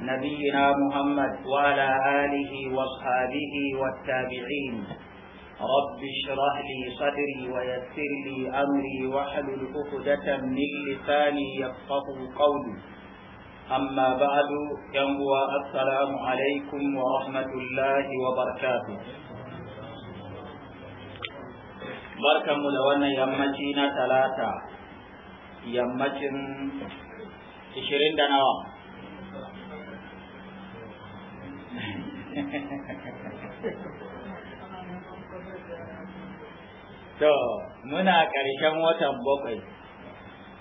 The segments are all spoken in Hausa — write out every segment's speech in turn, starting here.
نبينا محمد وعلى آله واصحابه والتابعين رب اشرح لي صدري ويسر لي امري واحلل عقدة من لساني يفقه قولي اما بعد ينبوى السلام عليكم ورحمة الله وبركاته بركة مدونة يمتين ثلاثة يمتين تشرين دنوام to muna ƙarshen watan bakwai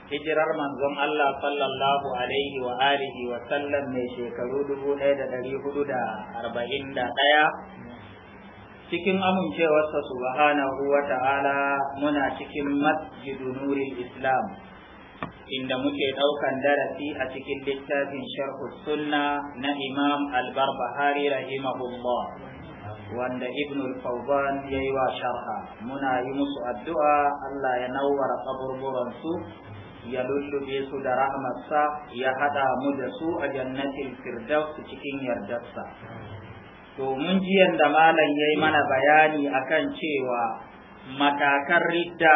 hijirar manzon Allah sallallahu alaihi wa alihi wa sallam mai shekaru dubu ɗaya da ɗari hudu da arba'in da ɗaya cikin amincewarsa subhanahu wa ta'ala muna cikin masjidu nuril islam inda muke ɗaukan darasi a cikin littafin sharhu sunna na imam Albarbahari Rahima rahimahullah wanda ibn al-fawzan ya yi wa sharha muna yi musu addu'a allah ya nawwara kaburburansu ya lullube su da rahmarsa ya haɗa mu da su a jannatin firdaus cikin yardarsa to mun ji yadda malam ya yi mana bayani akan cewa matakan ridda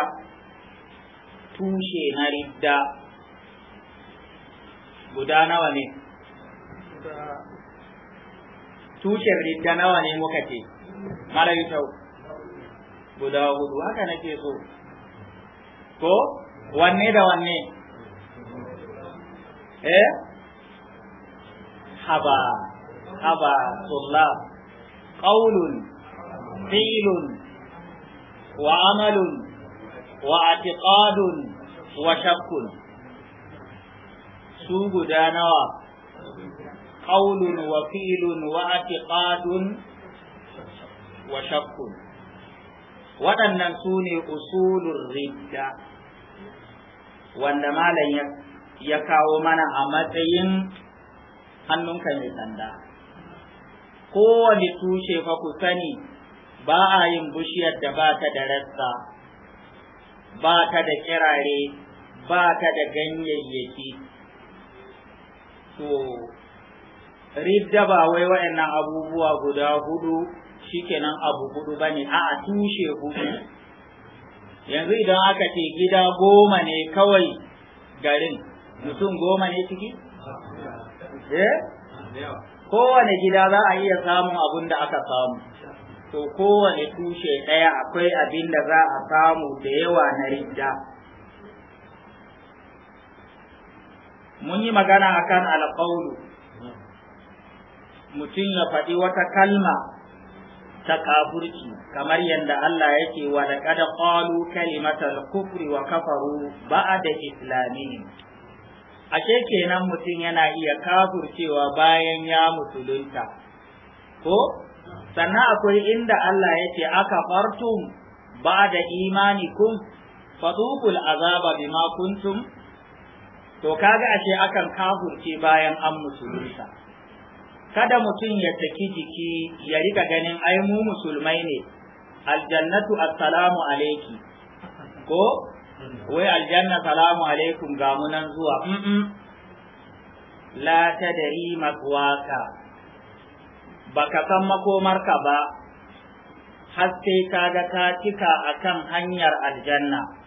tushe na ridda guda nawa ne tushen ridda nawa ne muka ce mara yi tau guda hudu haka nake so ko wanne da wanne eh haba haba tullab ƙaunun, fi'lun wa amalun wa atiqadun wa shakkun su guda nawa qaulun wa fi'lun wa i'tiqadun wa shakkun waɗannan su ne usulun ridda wanda malam ya kawo mana a matsayin hannunka mai sanda kowane tushe fa ku sani ba a yin bushiyar da ba ta da rassa ba ta da kirare ba ta da ganyayyaki to ridda ba wai waɗannan abubuwa guda hudu shikenan abu hudu bane a a tushe hudu yanzu idan aka ce gida goma ne kawai garin mutum goma ne ciki eh kowane gida za a iya samun abun da aka samu to kowane tushe ɗaya akwai abin da za a samu da yawa na ridda mun yi magana akan alƙaulu mutum ya faɗi wata kalma ta kafurci kamar yadda Allah yake wa da kada ƙalu kalimatar kufri wa kafaru ba'a da islamin ashe kenan mutum yana iya kafurcewa bayan ya musulunta ko sannan akwai inda Allah yake aka fartum ba da kun fadukul azaba bima kuntum to kaga ashe akan kafurce bayan an musulunta kada mutum ya saki jiki ya rika ganin ai mu musulmai ne aljannatu assalamu alaiki ko wai aljanna salamu alaikum ga mu zuwa la tadri Ba baka san makomarka ba har sai ga ka cika akan hanyar aljanna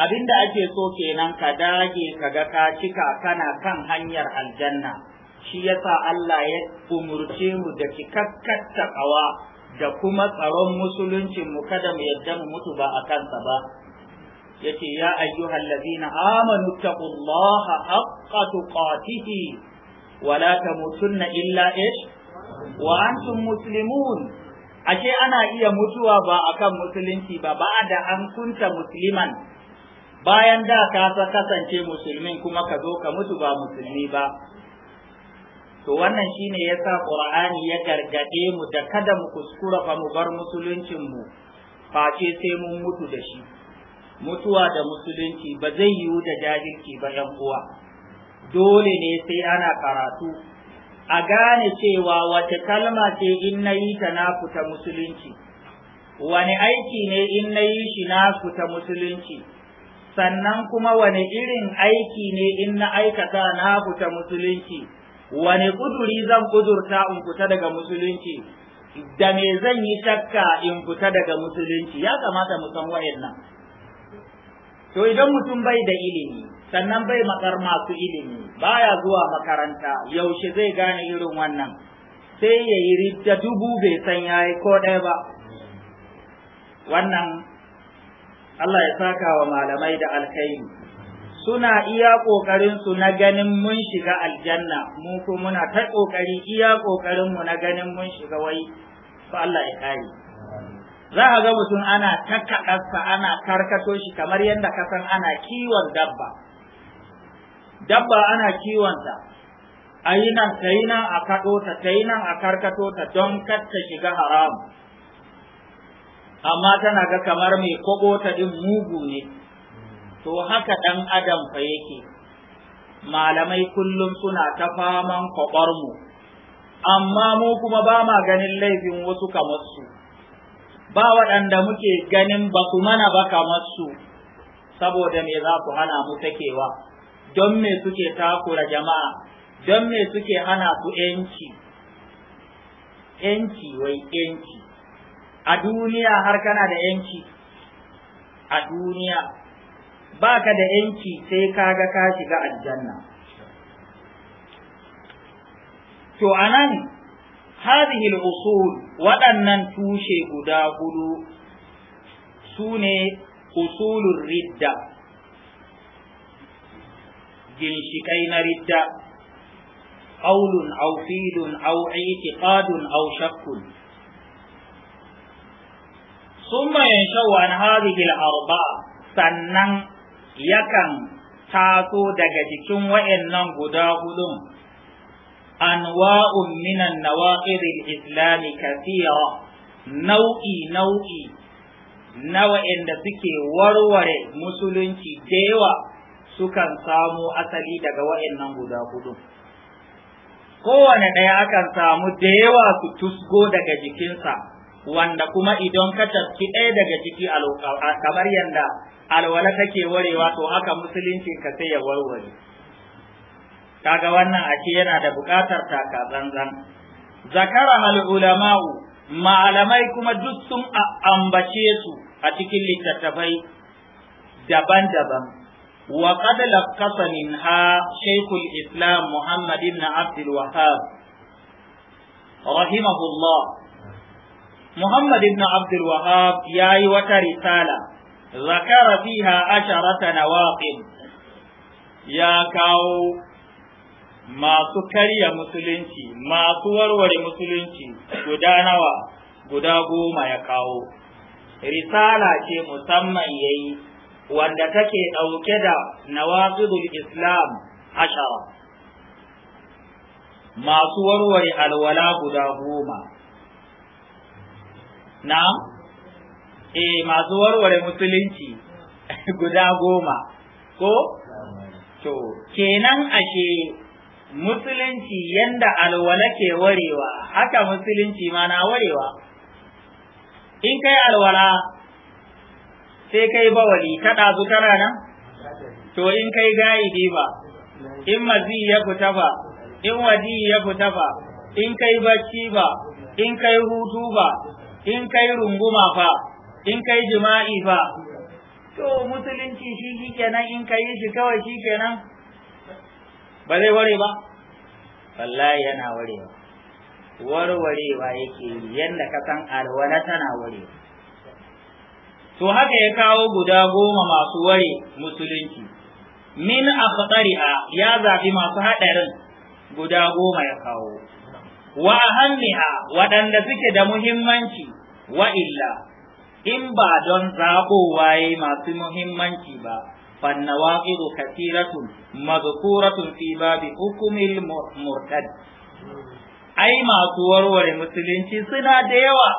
abinda ake so kenan ka dage ka ga ka cika kana kan hanyar aljanna shi yasa Allah ya umurce mu da cikakkar takawa da kuma tsaron musuluncin mu kada mu yadda mu mutu ba a kansa ba yace ya ayyuhal ladina amanu taqullaha haqqa tuqatih wa la tamutunna illa ish wa antum muslimun ashe ana iya mutuwa ba akan musulunci ba ba da an kunta musliman bayan da ka kasance musulmin kuma ka zo ka mutu ba musulmi ba to wannan shine yasa qur'ani ya gargade mu da kada mu kuskura fa mu bar musuluncin mu face sai mun mutu da shi mutuwa da musulunci ba zai yiwu da jahilci ba yan uwa dole ne sai ana karatu a gane cewa wace kalma ce in na yi ta na fita musulunci wani aiki ne in na yi shi na fita musulunci sannan kuma wani irin aiki ne in na aikata na fita musulunci wani kuduri zan kudurta in fita daga musulunci da me zan yi shakka in fita daga musulunci ya kamata mu san wayannan to idan mutum bai da ilimi sannan bai makar masu ilimi baya zuwa makaranta yaushe zai gane irin wannan sai ya yi ridda dubu bai san yayi ko ɗaya ba wannan Allah ya saka wa malamai da alkhairi suna iya ƙoƙarin su na ganin mun shiga aljanna mu ko muna ta kokari iya kokarin mu na ganin mun shiga wai fa Allah ya kare za a ga mutum ana takkaɗarsa ana karkato shi kamar yadda ka san ana kiwon dabba dabba ana kiwonta a yi nan ta yi nan a kaɗo ta ta yi nan a karkato ta don kar ta shiga haramu amma tana ga kamar mai kwabo ta din mugu ne to haka Dan adam fa yake malamai kullum suna ta faman mu amma mu kuma ba ma ganin laifin wasu kamar su ba waɗanda muke ganin ba su mana ba kamar su saboda me za ku hana mu sakewa don me suke takura jama'a don me suke hana su 'yanci 'yanci wai 'yanci a duniya har kana da yanci a duniya baka da yanci sai ka ga ka shiga aljanna to anan hadhihi al-usul waɗannan tushe guda hudu sune usulur ridda ginshiƙai na ridda قول أو فيل أو اعتقاد au shakkun. summa yanshawu an hadhihi al-arba'a sannan yakan taso daga jikin wayannan guda hudun anwa'un minan nawaqid al-islam kathira nau'i nau'i na wa'anda suke warware musulunci da yawa sukan samu asali daga wa'annan guda hudun kowane ɗaya akan samu da yawa su tusgo daga jikinsa wanda kuma idan ka tafki ɗaya daga ciki kamar yadda alwala take warewa to haka musulunci ka sai ya warware kaga wannan ake yana da buƙatar taka zanzan. zakara al-ulama'u malamai kuma duk sun ambace su a cikin littattafai daban-daban wa qad laqasa minha shaykhul islam muhammad ibn abd al-wahhab rahimahullah Muhammad ibn Abdulwahab ya yi wata risala, zakara fiha asharata na ya kawo masu karya musulunci, masu warware musulunci guda nawa, guda goma ya kawo. Risala ce musamman ya yi, wanda take ɗauke da nawazidul Islam ashara. Masu warware alwala guda goma. na'am eh masu warware musulunci guda goma ko to kenan ashe musulunci yanda alwala ke warewa haka musulunci ma na warewa in kai alwala sai kai bawali ta ɗazu tara nan to in kai ga'idi ba in mazi ya fita ba in waji ya fita ba in kai bacci ba in kai hutu ba in kai runguma fa in kai jima'i fa to musulunci shi shikenan in kai shi kawai shikenan ba zai ware ba wallahi yana warewa warwarewa yake yadda ka san alwala tana warewa to haka ya kawo guda goma masu ware musulunci min a ya zafi masu haɗarin guda goma ya kawo wa ahammiha waɗanda suke da muhimmanci wa illa in ba don zaɓo waye masu muhimmanci ba fannawaqidu kathiratun madhkuratun fi babi hukumil murtad ai masu warware musulunci suna da yawa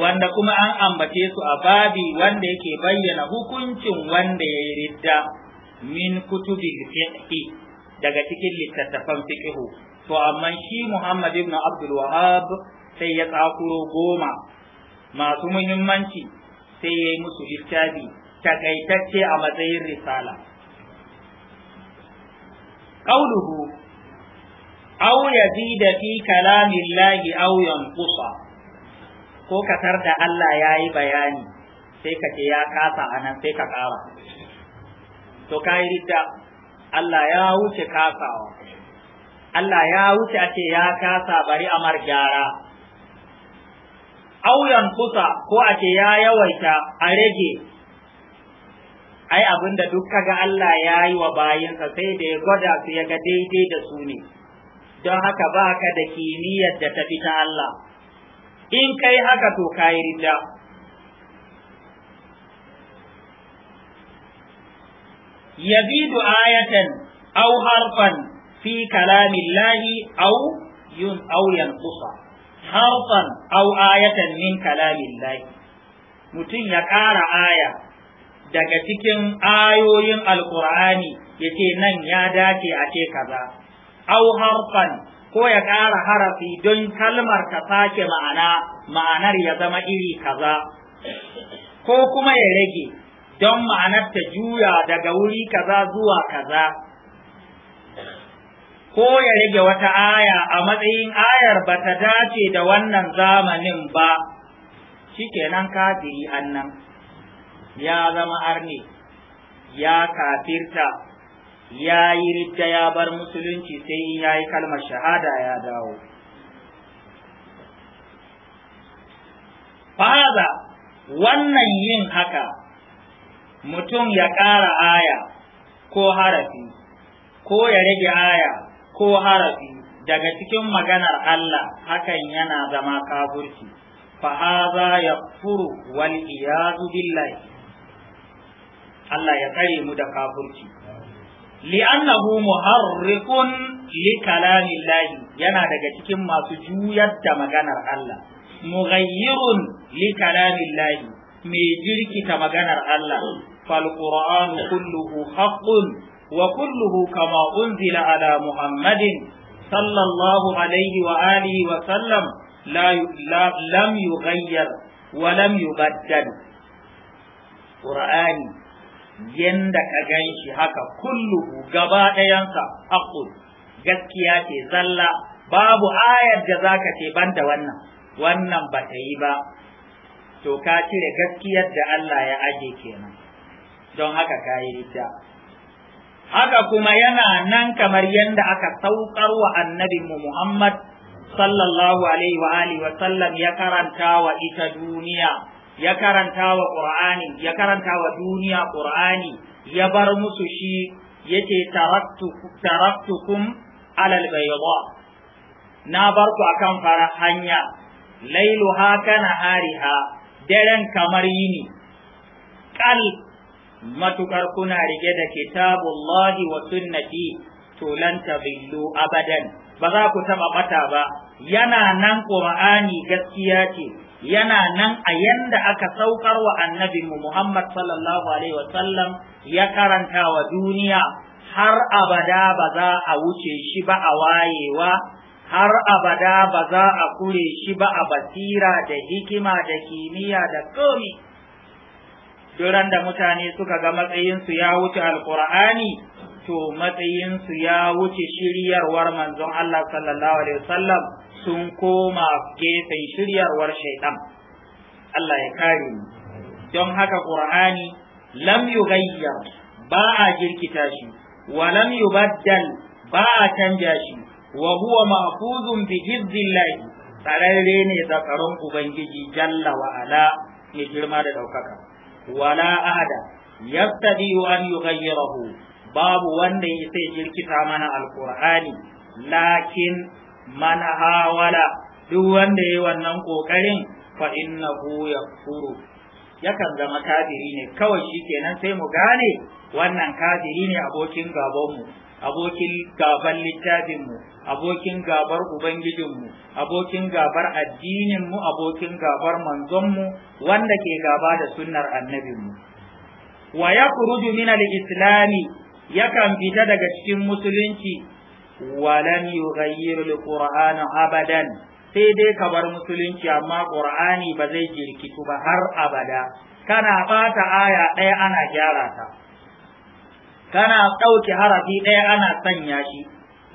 wanda kuma an ambace su a babi wanda yake bayyana hukuncin wanda ya yi ridda min kutubil fiqhi daga cikin littattafan fiqhu to amma shi Muhammad ibn Abdul Wahhab sai ya tsakuro goma masu muhimmanci sai ya yi musu littafi takaitacce a matsayin risala qauluhu aw yazida fi kalamillahi aw yanqusa ko katar da Allah yayi bayani sai ka ce ya kasa anan sai ka kawo to kai ridda Allah ya wuce kasawa Allah ya wuce a ce ya kasa bari amar gyara auyan kusa ko a ce ya yawaita a rage ai abin da duk kaga Allah ya yi wa bayinsa sai da ya gwada su ya ga daidai da su ne don haka ba ka da kimiyyar da tafi ta Allah in kai haka to kayi rida yazidu ayatan au harfan fi kalamillahi aw auyen aw yanqusa harfan aw ayatan min kalamillahi mutum ya ƙara aya daga cikin ayoyin alkur'ani ya ce nan ya dace a ce kaza aw harfan ko ya ƙara harafi don kalmar ta sake ma'ana ma'anar ya zama iri kaza ko kuma ya rage don ma'anar ta juya daga wuri kaza zuwa kaza ko ya rage wata aya a matsayin ayar ba ta dace da wannan zamanin ba shikenan kafiri annan ya zama arne ya kafirta ya yi ridda ya bar musulunci sai in ya yi kalmar shahada ya dawo faza wannan yin haka mutum ya ƙara aya ko harafi ko ya rage aya ko harafi daga cikin maganar Allah hakan yana zama kafirci fa hadha yakfuru wal iyadu Allah ya kare mu da kafirci li'annahu li kalamillahi yana daga cikin masu juyar maganar Allah mughayyirun li kalamillahi mai jirkita maganar Allah fal qur'anu kulluhu Wa كما أنزل على محمد صلى الله عليه وآله وسلم لا, لا لم يغير ولم يبدل قرآن yanda ka gan shi haka kulluhu gaba ɗayansa haƙƙun gaskiya ce zalla babu ayar da za ka ce banda wannan wannan ba ta yi ba to ka cire gaskiyar da Allah ya aje kenan don haka ka yi haka kuma yana nan kamar yadda aka saukar wa annabinmu Muhammad sallallahu alaihi wa alihi wa sallam ya karanta wa ita duniya ya karanta wa Qur'ani ya karanta wa duniya Qur'ani ya bar musu shi yake taraktukum alal bayda na bar ku akan fara hanya lailuha kana hariha daren kamar yini kal matukar kuna rige da kitabullahi wa sunnati to lan tabillu abadan ba za ku taba ɓata ba yana nan qur'ani gaskiya ce yana nan a yanda aka saukar wa annabi Muhammad sallallahu alaihi wa sallam ya karanta wa duniya har abada ba za a wuce shi ba a wayewa har abada ba za a kure shi ba a basira da hikima da kimiyya da komi duran da mutane suka ga matsayinsu ya wuce alkur'ani to matsayinsu ya wuce shiryarwar manzon Allah sallallahu alaihi wasallam sun koma gefen shiryarwar shaitan Allah ya kare mu don haka qur'ani lam yughayyar ba a jirkita shi wa lam yubaddal ba a canja shi wa huwa mahfuzun bi hizzillahi tsararre ne zakaron ubangiji jalla wa ala ya girma da daukaka wala ahada yastadiyu ya rahu. babu wanda ya sai jirkita mana alqur'ani lakin man hawala duk wanda yayi wannan ƙoƙarin, fa innahu yakfuru yakan zama kafiri ne kawai shikenan sai mu gane wannan kafiri ne abokin gabanmu abokin gaban littafinmu abokin gabar ubangijinmu abokin gabar addininmu abokin gabar manzonmu wanda ke gaba da sunnar annabinmu wa ya kuruju min al-islami yakan fita daga cikin musulunci walan yughayyiru al-qur'ana abadan sai dai kabar musulunci amma qur'ani ba zai jirkitu ba har abada kana bata aya ɗaya ana gyara ta kana ɗauke harafi ɗaya ana sanya shi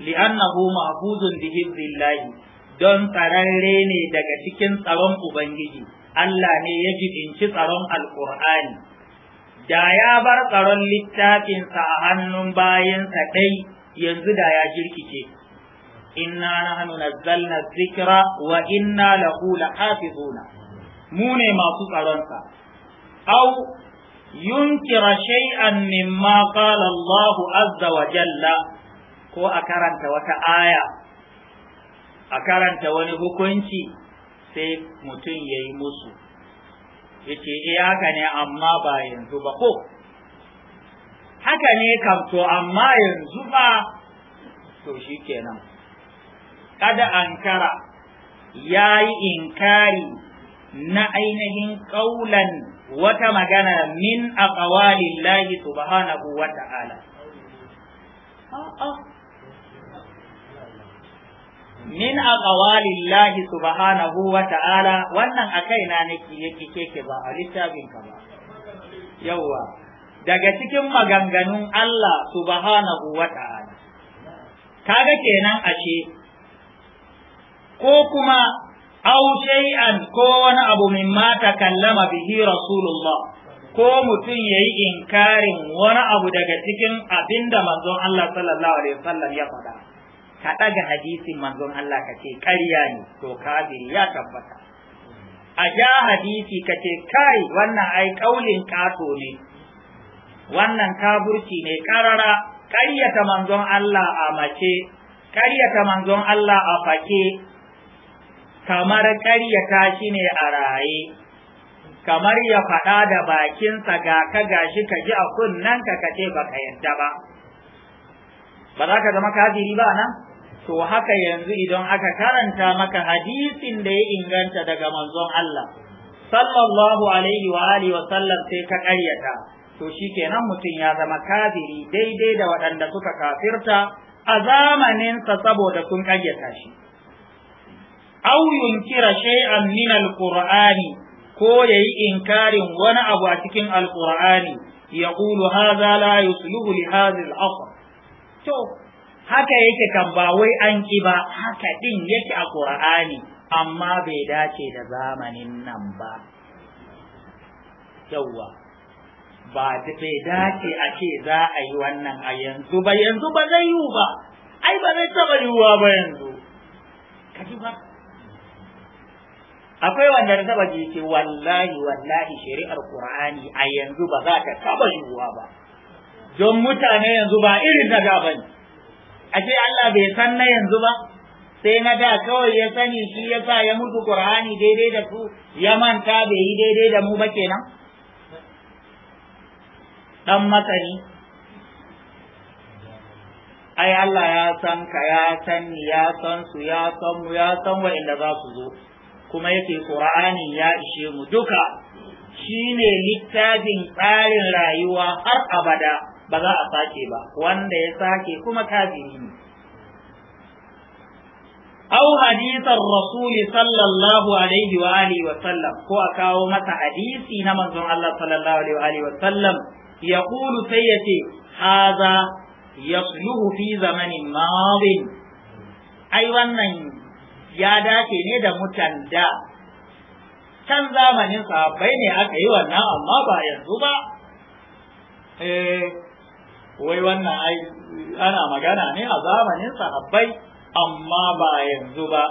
li'annahu mahfuzun bi hizbillahi don tsararre ne daga cikin tsaron ubangiji Allah ne ya jibinci tsaron alqur'ani da ya bar tsaron littafinsa a hannun bayansa ɗai yanzu da ya jirkice inna nahnu nazzalna dhikra wa inna lahu lahafizuna mu ne masu tsaronsa au yunkira shay'an mimma qala Allahu azza wa jalla ko a karanta wata aya a karanta wani hukunci sai mutum ya yi musu yace eh haka ne amma ba yanzu ba ko haka ne kam to amma yanzu ba to shikenan kada ankara ya yi inkari na ainihin ƙaulan wata magana min aqwalillahi subhanahu wa ta'ala oh, oh. min aqwalillahi subhanahu wa ta'ala wannan a kaina nake yake keke ba a littafin ka ba yawa daga cikin maganganun Allah subhanahu wa ta'ala kaga kenan ashe ko kuma aw shay'an ko wani abu mimma takallama bihi rasulullah ko mutum yayi inkarin wani abu daga cikin abinda manzon Allah sallallahu alaihi wasallam ya faɗa ka daga hadisin manzon Allah ka ce ƙarya ne to kafiri ya tabbata a ja hadisi ka ce kai wannan ai kaulin kato ne wannan kaburci ne karara ƙaryata manzon Allah a mace ƙaryata manzon Allah a fake kamar ƙaryata shi ne a raye kamar ya faɗa da bakinsa ga ka gashi ka ji a kunnen ka ka ce baka yadda ba ba za ka zama kafiri ba nan to haka yanzu idan aka karanta maka hadisin da ya inganta daga manzon Allah sallallahu alaihi wa alihi wa sallam sai ka ƙaryata to shi shikenan mutum ya zama kafiri daidai da waɗanda suka kafirta a zamaninsa saboda sun ƙaryata shi aw yunkira shay'an min alqur'ani ko yayi inkarin wani abu a cikin alqur'ani yaqulu hadha la yusluhu li hadha al to haka yake kan ba wai an ki ba haka din yake a qur'ani amma bai dace da zamanin nan ba yawa ba bai dace a ce za a yi wannan a yanzu ba yanzu ba zai yiwu ba ai ba zai taɓa yiwuwa ba yanzu ka ji ba akwai wanda da taba ji ce wallahi wallahi shari'ar qur'ani a yanzu ba za ta taba yiwuwa ba don mutane yanzu ba irin na da a ashe Allah bai san na yanzu ba sai na da kawai ya sani shi ya sa ya mutu qur'ani daidai da su ya manta bai yi daidai da mu ba kenan dan masani ai Allah ya san ka ya san ya san su ya san mu ya san wa inda za su zo kuma yake ƙura'ani ya ishe mu duka shine littafin tsarin rayuwa har abada ba za a sake ba wanda ya sake kuma kafin ne Au hadisan rasuli sallallahu alaihi wa alihi wa sallam ko a kawo masa hadisi na manzon Allah sallallahu alaihi wa alihi wa sallam ya kulu sai ya ce haza ya fi zamanin madin ai wannan ya dace ne da mutan da can zamanin sahabbai ne aka yi wannan amma ba yanzu ba eh wai wannan ai ana magana ne a zamanin sahabbai amma ba yanzu ba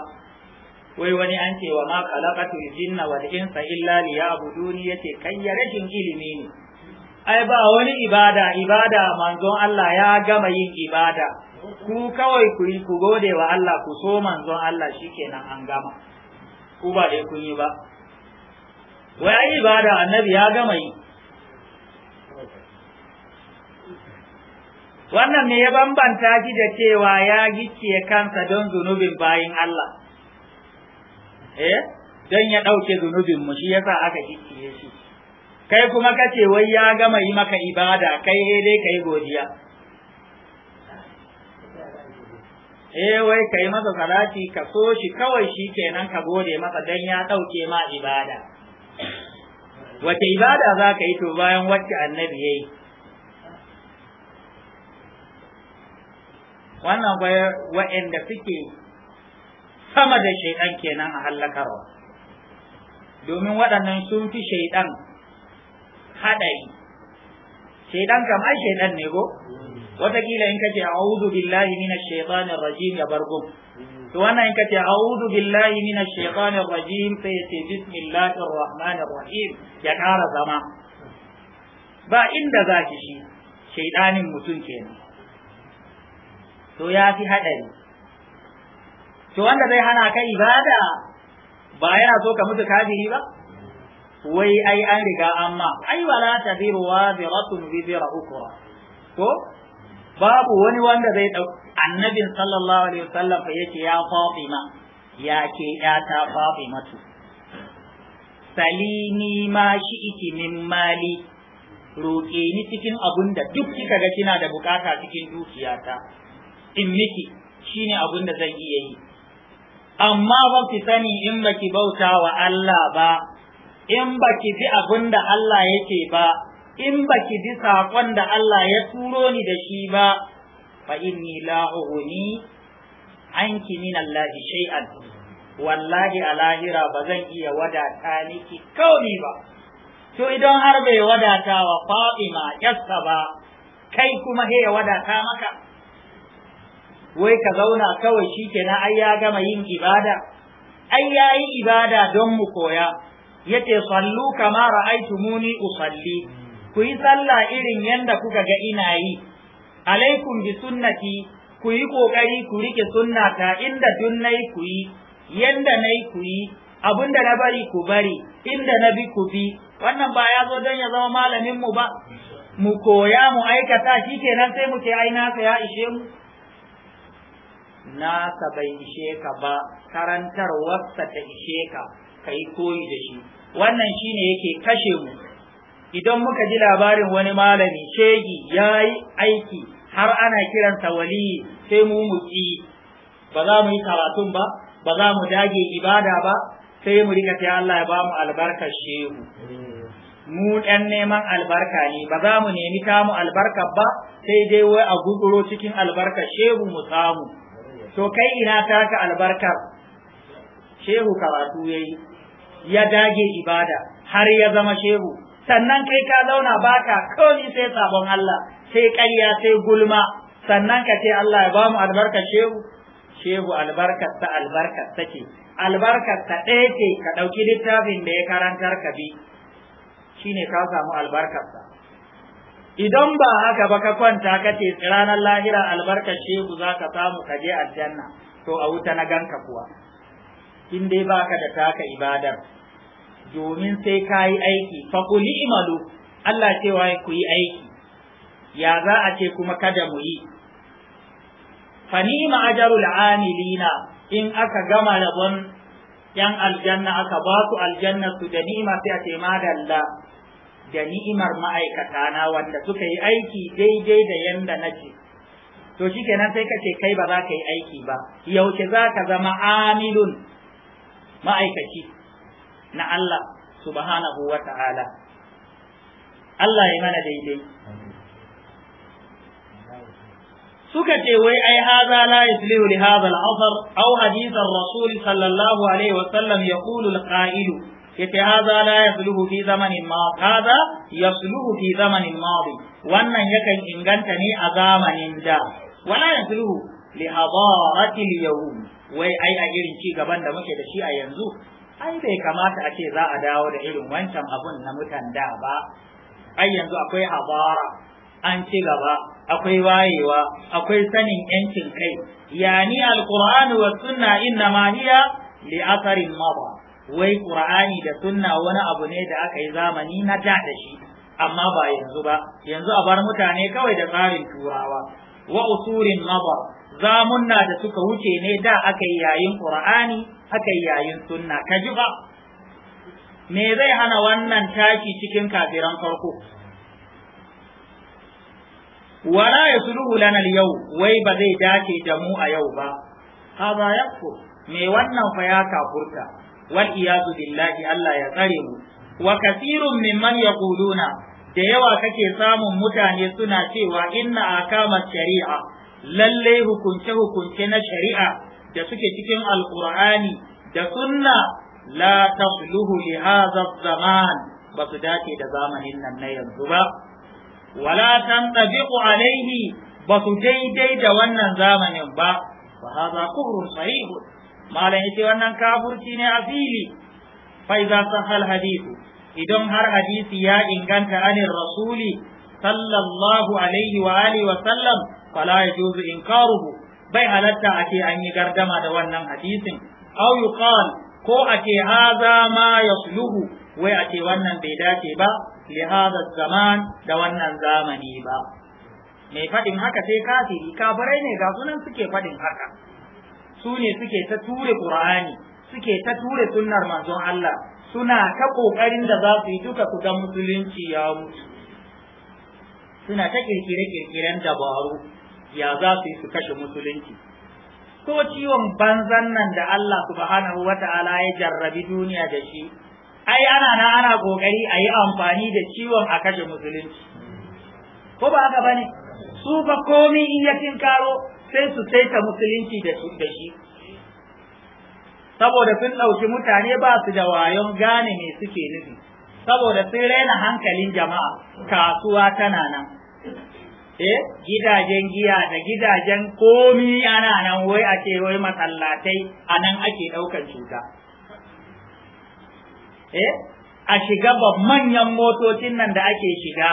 wai wani an ce wa ma khalaqatu jinna wal insa illa liya'buduni yace ya rashin ilimi ne ai ba wani ibada ibada manzon Allah ya gama yin ibada ku kawai ku yi ku gode wa Allah ku so manzon Allah shikenan an gama ku ba dai kun yi ba wai ai ibada annabi ya gama yi wannan ne ya bambanta shi da cewa ya gicciye kansa don zunubin bayin Allah eh don ya ɗauke zunubin mu shi yasa aka gicciye shi kai kuma kace wai ya gama yi maka ibada kai eh dai kai godiya eh wai kai masa salati ka so shi kawai shi kenan ka gode masa dan ya dauke ma ibada wace ibada za ka yi to bayan wacce annabi ya yi wannan wa'anda suke sama da shaidan kenan a halakarwa domin waɗannan sun fi shaidan haɗari shaidan kamar shaidan ne go watakila in kace a'udhu billahi minash shaitanir rajim ya bargo to wannan in kace a'udhu billahi minash shaitanir rajim sai ce bismillahir rahmanir rahim ya kara zama ba inda zaki shi shaidanin mutum kenan to ya fi haɗari to wanda zai hana ka ibada ba yana so ka mutu kafiri ba wai ai an riga amma ai wala tabiru wa ziratun bi zira ukra to babu wani wanda zai dau annabin sallallahu alaihi wasallam fa yake ya fatima ya ke ya ta tu salini ma shi iki min mali roƙe ni cikin abun duk kika ga kina da bukata cikin dukiyata in miki shine abun da zan iya yi amma ba ki sani in baki bauta wa Allah ba in baki ji abun da Allah yake ba in baki ji saƙon da Allah ya turo ni da shi ba fa inni la uhuni anki min Allah shay'an wallahi a lahira ba zan iya wadata miki kauni ba to idan har bai wadata wa Fatima yassa ba kai kuma he wadata maka wai ka zauna kawai shikenan ai ya gama yin ibada ai yayi ibada don mu koya yace sallu kama ra'aytumuni usalli ku yi sallah irin yanda kuka ga ina yi alaikum bi sunnati ku yi kokari ku rike sunna ta inda dun nayi ku yi yanda nayi ku yi abinda na bari ku bari inda na bi ku bi wannan ba ya zo don ya zama malamin mu ba mu koya mu aikata shi nan sai muke aina ai ya ishe mu nasa bai ishe ka ba karantar karantarwarsa ta ishe ka kai koyi da shi wannan shine yake kashe mu idan muka ji labarin wani malami shegi ya yi aiki har ana kiransa waliyi, sai mu muki ba za mu yi karatun ba ba za mu dage ibada ba sai mu rika ta Allah ya ba mu albarkar shehu mu ɗan neman albarka ne ba za mu nemi kamu albarka ba sai dai wai a guguro cikin albarka, shehu mu samu to kai ina taka albarkar shehu karatu yayi ya dage ibada har ya zama shehu sannan kai ka zauna baka kawai sai sabon Allah sai ƙarya sai gulma sannan ka ce Allah ya bamu albarka shehu shehu albarkar ta albarkar take albarkar ta ɗaya ce ka ɗauki littafin da ya karantar ka bi shine ka samu albarkar ta idan ba haka ba ka kwanta ka ce ranar lahira albarkar shehu za ka samu ka je aljanna to a wuta na ganka kuwa in dai baka da taka ibadar domin sai ka yi aiki faƙuli imalu Allah cewa ku yi aiki ya za a ce kuma kada mu yi fanima ajarul amilina in aka gama rabon yan aljanna aka ba su aljanna su da ni'ima sai a ce madalla da ni'imar ma'aikata na wanda suka yi aiki daidai da yanda nake to shikenan sai ka ce kai ba za ka yi aiki ba yaushe za ka zama amilun ma'aikaci na Allah subhanahu wa ta'ala Allah ya mana daidai suka ce wai ai haza la yuslihu li hadha al-athar aw hadith ar-rasul sallallahu alaihi wa sallam yaqulu al-qa'il yace haza la yuslihu fi zamanin ma haza yuslihu fi zamanin madi wannan yakan inganta ne a zamanin da wala yuslihu li hadarati al-yawm wai ai a irin ci gaban da muke da shi a yanzu ai bai kamata a ce za a dawo da irin wancan abun na mutan da ba ai yanzu akwai habara an ci gaba akwai wayewa akwai sanin yancin kai yani alqur'anu wa sunna inna ma hiya li atharin mada wai qur'ani da sunna wani abu ne da aka yi zamani na da da shi amma ba yanzu ba yanzu a bar mutane kawai da tsarin turawa wa usurin mada zamunna da suka wuce ne da aka yi yayin qur'ani haka yayin sunna ka ji ba me zai hana wannan tashi cikin kafiran farko wala yasluhu lana al-yau wai ba zai dace da mu a yau ba ba yakko me wannan fa ya kafurta wal iyazu billahi Allah ya tsare mu wa kathirun mimman yaquluna da yawa kake samun mutane suna cewa inna akama shari'a lallai hukunce hukunce na shari'a da suke cikin alkur'ani da sunna la tasluhu li hadha zaman ba su dace da zamanin nan na yanzu ba wala tantabiqu alaihi ba su daidai da wannan zamanin ba fa hadha kufrun sarih malan yace wannan kafurci ne a fili fa idza sahal hadithu idan har hadisi ya inganta anin rasuli sallallahu alaihi wa alihi wa sallam fala yajuzu inkaruhu bai halatta a ce an yi gardama da wannan hadisin aw yuqal ko a ce haza ma yasluhu wai a ce wannan bai dace ba li hada zaman da wannan zamani ba mai fadin haka sai kafiri kafirai ne ga sunan suke fadin haka su ne suke ta ture qur'ani suke ta ture sunnar manzon Allah suna ta kokarin da za su yi duka su ga musulunci ya mutu suna ta kirkire-kirkiren dabaru ya za su yi su kashe musulunci ko ciwon banzan nan da Allah subhanahu wata'ala ya jarrabi duniya da shi ai ana na ana kokari a yi amfani da ciwon a kashe musulunci ko ba haka bane su ba komi in ya karo sai su saita musulunci da su da shi saboda sun ɗauki mutane ba su da wayon gane me suke nufi saboda sun raina hankalin jama'a kasuwa tana nan eh gidajen giya da gidajen komi ana nan wai a ce wai masallatai a nan ake ɗaukar cuta eh a shiga manyan motocin nan da ake shiga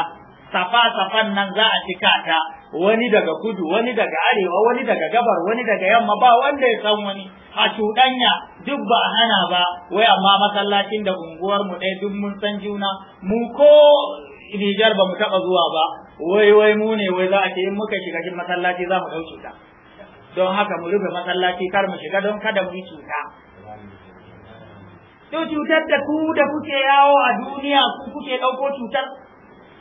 safa-safan nan za a cika ta wani daga kudu wani daga arewa wani daga gabar wani daga yamma ba wanda ya san wani a cuɗanya duk ba a hana ba wai amma masallacin da unguwar mu ɗaya duk mun san juna mu ko Nijar ba mu taɓa zuwa ba wai wai mu ne wai za a ce in muka shiga cikin masallaci za mu ɗauke ta don haka mu rufe masallaci kar mu shiga don kada mu yi cuta to cutar da ku da kuke yawo a duniya ku kuke ɗauko cutar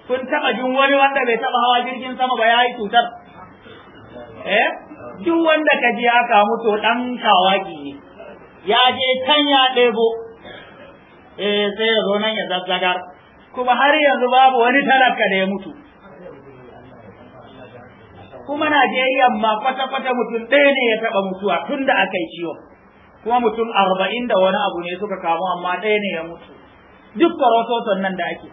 kun taɓa jin wani wanda bai taɓa hawa jirgin sama ba ya yi cutar eh duk wanda ka ji aka mutu ɗan kawaki ne ya je can ya ɗebo eh sai ya zo nan ya zazzagar kuma har yanzu babu wani talaka da ya mutu kuma Najeriya ma kwata-kwata mutum ɗaya ne ya taɓa mutuwa tun da aka yi ciwon kuma mutum arba'in da wani abu ne suka kamu amma ɗaya ne ya mutu duk kwarototon nan da ake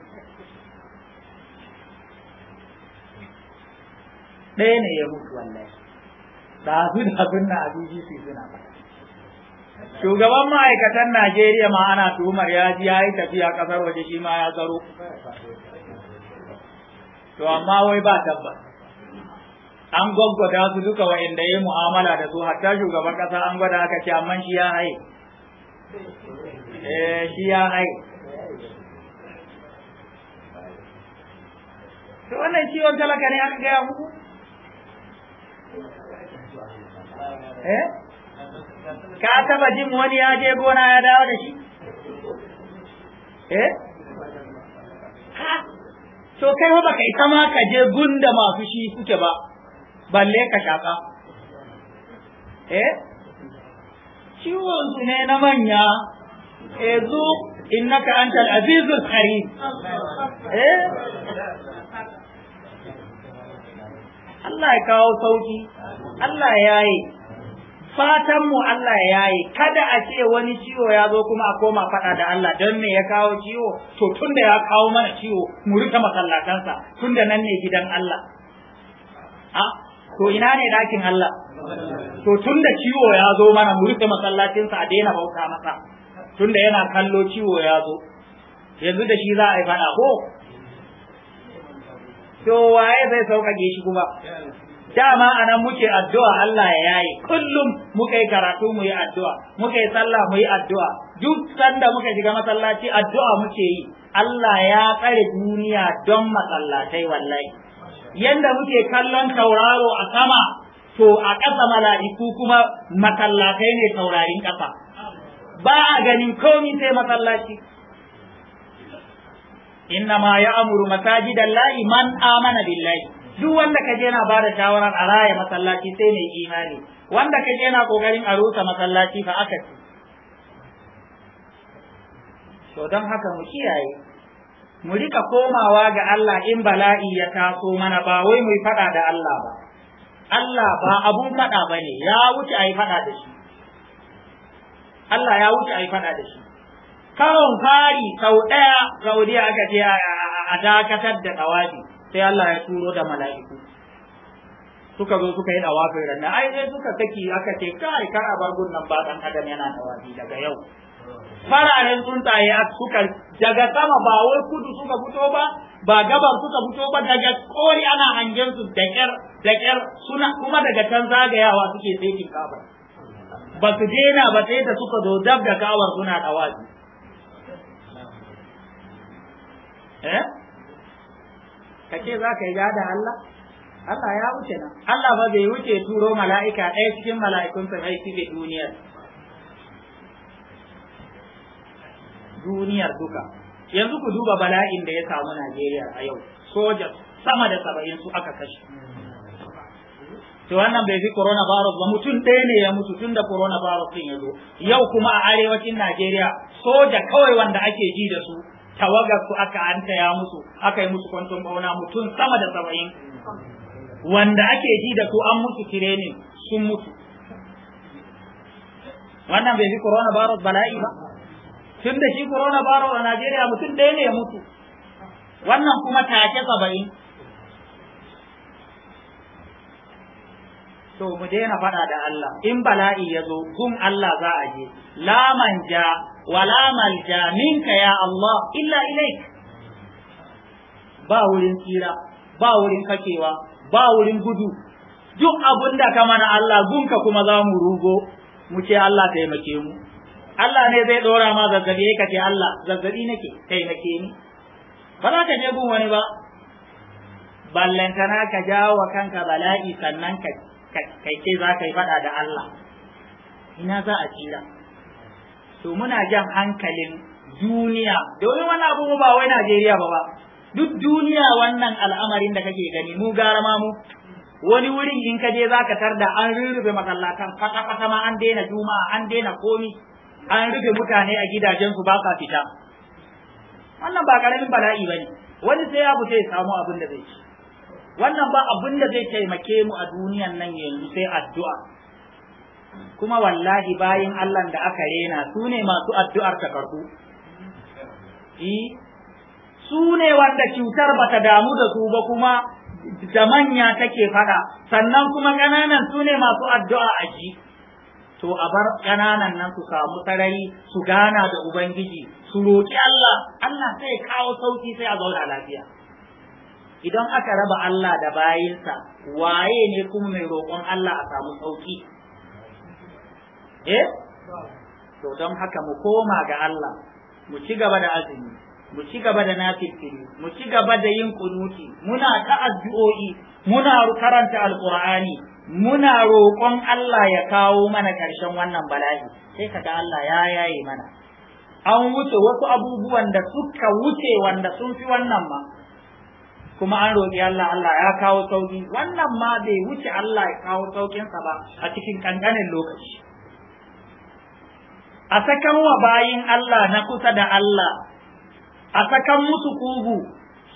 ɗaya ne ya mutu wallahi da abin abin na abin suna ba shugaban ma'aikatan Najeriya ma ana tuhumar ya ji ya yi tafiya ƙasar waje shi ma ya tsaro to amma wai ba tabbas an gwaggwada su duka wa'inda ya yi mu'amala da su hatta shugaban ƙasa an gwada aka ce amma shi ya haye eh shi ya haye to wannan ciwon talaka ne aka gaya muku eh ka taba jin wani ya je gona ya dawo da shi eh ha to kai ba kai sama ka je gunda masu shi suke ba balle ka shaka eh ciwon su ne na manya e zu innaka antal azizul karim eh Allah ya kawo sauki Allah ya yi fatan mu Allah ya yi kada a ce wani ciwo ya zo kuma a koma faɗa da Allah don me ya kawo ciwo to tun da ya kawo mana ciwo mu rika masallatansa da nan ne gidan Allah a to ina ne dakin Allah to tun da ciwo ya zo mana mu rika masallacinsa a daina bauta masa tun da yana kallo ciwo ya zo yanzu da shi za a yi faɗa ko to waye zai sauƙaƙe shi kuma dama a nan muke addu'a Allah ya yi kullum muka yi karatu mu yi addu'a muka yi sallah mu yi addu'a duk sanda muka shiga masallaci addu'a muke yi Allah ya tsare duniya don masallatai wallahi yanda muke kallon tauraro a sama to a ƙasa mala'iku kuma masallatai ne taurarin ƙasa ba a ganin komai sai masallaci inna ma ya'muru lahi man amana billahi duk wanda ka je na ba da shawarar a raya masallaci sai mai imani wanda ka je na kokarin a rusa masallaci fa aka ci to don haka mu kiyaye mu rika komawa ga Allah in bala'i ya taso mana ba wai mu faɗa da Allah ba Allah ba abun faɗa ba ne ya wuce a yi faɗa da shi Allah ya wuce a yi da shi karon fari sau ɗaya Saudiya aka je a dakatar da tsawabi sai Allah ya turo da mala'iku suka zo suka yi dawafin ranar ai sai suka saki aka ce kai kar a bar gunnan ba dan adam yana dawafi daga yau fararen tsuntsaye suka daga sama ba wai kudu suka fito ba ba gabar suka fito ba daga kori ana hangen su da kyar da kyar suna kuma daga can zagayawa suke kin kabar ba su dena ba sai da suka zo dab da kawar suna dawafi eh ka ce za ka yi gada Allah Allah ya wuce nan Allah ba bai wuce turo mala'ika ɗaya cikin mala'ikunsa mai cikin duniyar duniyar duka yanzu ku duba bala'in da ya samu Najeriya a yau soja sama da saba'in su aka kashe to wannan bai fi coronavirus ba mutum ɗaya ne ya mutu tun da coronavirus din ya zo yau kuma a arewacin Najeriya soja kawai wanda ake ji da su tawagar su aka taya musu aka yi musu kwanton bauna mutum sama da saba'in wanda ake ji da su an musu tirenin sun mutu wannan bai fi corona virus bala'i ba tun da shi corona virus a najeriya mutum ɗaya ne ya mutu wannan kuma take saba'in to mu daina faɗa da Allah in bala'i ya zo gun Allah za a je la manja wa laman malja minka ya Allah illa ilaik ba wurin tsira ba wurin kakewa ba wurin gudu duk abunda da ka mana Allah gunka kuma za mu rugo mu ce Allah taimake mu Allah ne zai ɗora ma zazzabi ka ce Allah zazzabi nake taimake ni ba za ka je gun wani ba ballantana ka jawo kanka bala'i sannan ka kai ce za ka yi faɗa da Allah ina za a jira? to muna jan hankalin duniya domin wani abu mu ba wai Najeriya ba ba duk duniya wannan al'amarin da kake gani mu gara ma mu wani wurin in ka je za ka tarda an rurrufe masallatan fata-fata ma an daina juma'a an daina komi an rufe mutane a gidajensu ba ka fita wannan ba karamin bala'i bane wani sai abu sai ya samu abin da zai ci wannan ba abin da zai taimake mu a duniyan nan yanzu sai addu'a kuma wallahi bayin Allah da aka rena su ne masu addu'ar takardu su ne wanda cutar ba ta damu da su ba kuma da manya take fada sannan kuma ƙananan su ne masu addu'a a ji to a bar ƙananan nan su samu sarari su gana da ubangiji su roƙi Allah Allah sai kawo sauki sai a zauna lafiya idan aka raba Allah da bayinsa waye ne kuma mai roƙon Allah a samu sauki eh to don haka mu koma ga Allah mu ci gaba da azumi mu ci gaba da nafikiri mu ci gaba da yin kunuti muna ta addu'o'i muna karanta alqur'ani muna roƙon Allah ya kawo mana ƙarshen wannan bala'i sai kaga Allah ya yaye mana an wuce wasu abubuwan da suka wuce wanda sun fi wannan ma kuma an roƙi Allah Allah ya kawo sauki wannan ma bai wuce Allah ya kawo saukinsa ba a cikin ƙanƙanin lokaci a sakan wa bayin Allah na kusa da Allah a sakan musu kugu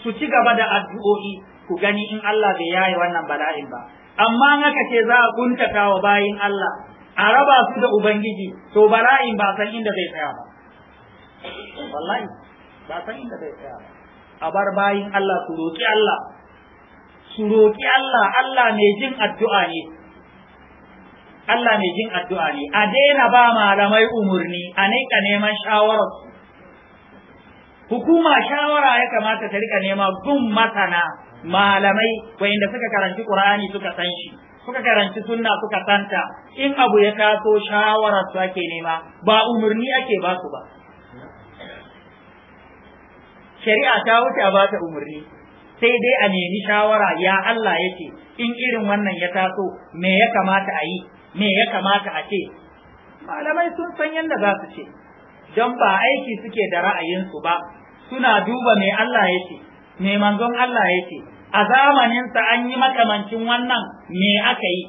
su ci gaba da addu'o'i ku gani in Allah bai yaye wannan bala'in ba amma haka ce za a kuntata wa bayin Allah a raba su da ubangiji to bala'in ba san inda zai tsaya ba wallahi ba san inda zai tsaya ba a bar bayin Allah su roƙi Allah su roƙi Allah Allah mai jin addu'a ne Allah mai jin addu'a ne a daina ba malamai umarni a naika neman shawarar hukuma shawara ya kamata ta rika nema gun masana malamai wayanda suka karanci Qur'ani suka san shi suka karanci sunna suka santa in abu ya taso shawara su ake nema ba umarni ake ba su ba shari'a ta wuce a ba ta umarni sai dai a nemi shawara ya Allah yake in irin wannan ya taso me ya kamata a yi me ya kamata a ce malamai sun san yadda za su ce don ba aiki suke da ra'ayinsu ba suna duba me Allah yake me manzon Allah yake a zamaninsa an yi makamancin wannan me aka yi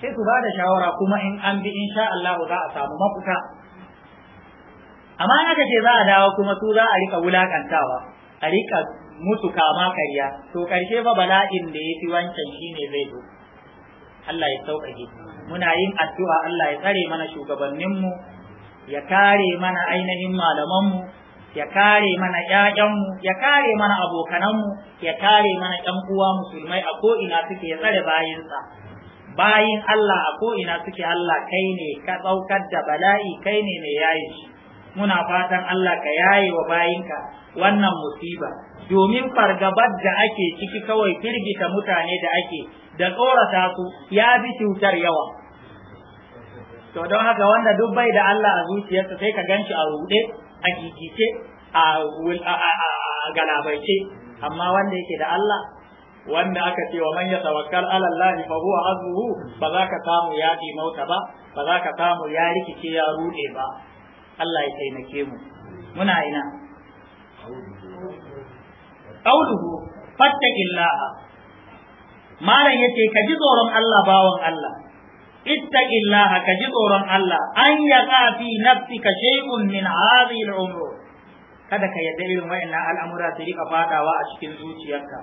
sai su ba da shawara kuma in an bi in sha Allah za a samu mafuta amma in aka ce za a dawo kuma su za a rika wulakantawa a rika mutu kama karya to karshe fa bala'in da yafi wancan shine zai zo Allah ya sauƙaƙe muna yin addu'a Allah ya tsare mana shugabanninmu ya kare mana ainihin malamanmu ya kare mana ƴaƴanmu ya kare mana abokananmu ya kare mana ƴan uwa musulmai a ko ina suke ya tsare bayinsa bayin Allah a ko ina suke Allah kai ne ka tsaukar da bala'i kai ne mai yayi muna fatan Allah ka yaye wa bayinka wannan musiba domin fargabar da ake ciki kawai firgita mutane da ake da tsorata su ya bi cutar yawa to don haka wanda duk bai da Allah a zuciyarsa sai ka ganshi a rude a gigice a galabaice amma wanda yake da Allah wanda aka ce wa man yatawakkal ala Allah fa huwa ba za ka samu ya mauta ba ba za ka samu ya rikice ya rude ba Allah ya taimake mu muna ina qauluhu fattaqillaha malam yace ka ji tsoron Allah bawon Allah ittaqillaha ka ji tsoron Allah an yaqa fi nafsika shay'un min hadhihi al-umur kada ka yadda irin wayannan al'amura su rika fadawa a cikin zuciyarka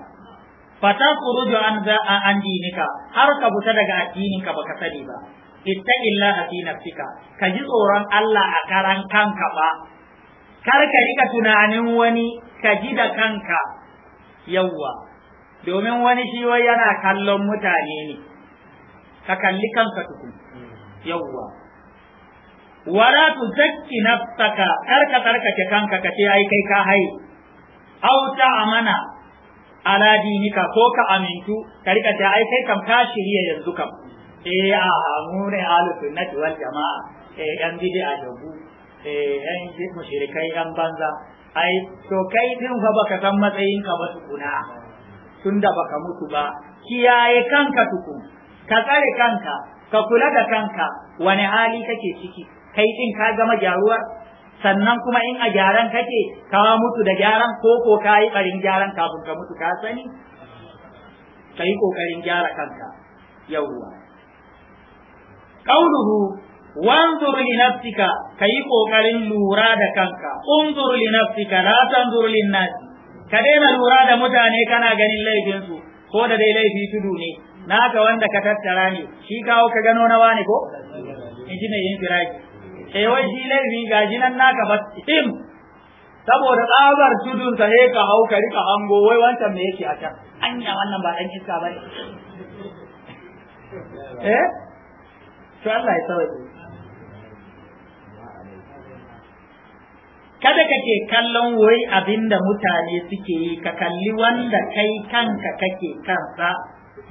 fata kuruju an za a an dinika har ka fita daga addininka baka sani ba ittaqillaha fi nafsika ka ji tsoron Allah a karan kanka ba kar ka rika tunanin wani ka ji da kanka yawwa domin wani shi wai yana kallon mutane ne ka kalli kanka tukun yawwa wala tuzakki nafsaka kar ka tsarkake kanka ka ce ai kai ka hai aw ta amana ala dinika ko ka amintu ka rika ta ai kai kam ka shirya yanzu kam eh a mu ne ahlus wal jamaa eh yan bid'a jabu eh yan mushrikai yan banza ai to kai din fa baka san matsayin ka ba tukuna tunda baka mutu ba kiyaye kanka tukun ka tsare kanka ka kula da kanka wani hali kake ciki kai din ka gama gyaruwa sannan kuma in a gyaran kake ka mutu da gyaran ko ka yi barin gyaran kafin ka mutu ka sani ka yi kokarin gyara kanka yauwa kauluhu wanzur li nafsika kayi kokarin lura da kanka unzur li nafsika la tanzur lin nas ka daina lura da mutane kana ganin laifin su ko da dai laifi tudu ne naka wanda ka tattara ne shi kawo ka gano na wani ko Inji ne yin firaki sai wai shi laifi gaji nan naka ba tim saboda tsabar tudun sa ka hau ka rika hango wai wancan me yake a can anya wannan ba dan iska ba ne eh to Allah ya kada kake kallon wai abinda mutane suke yi ka kalli wanda kai kanka kake kansa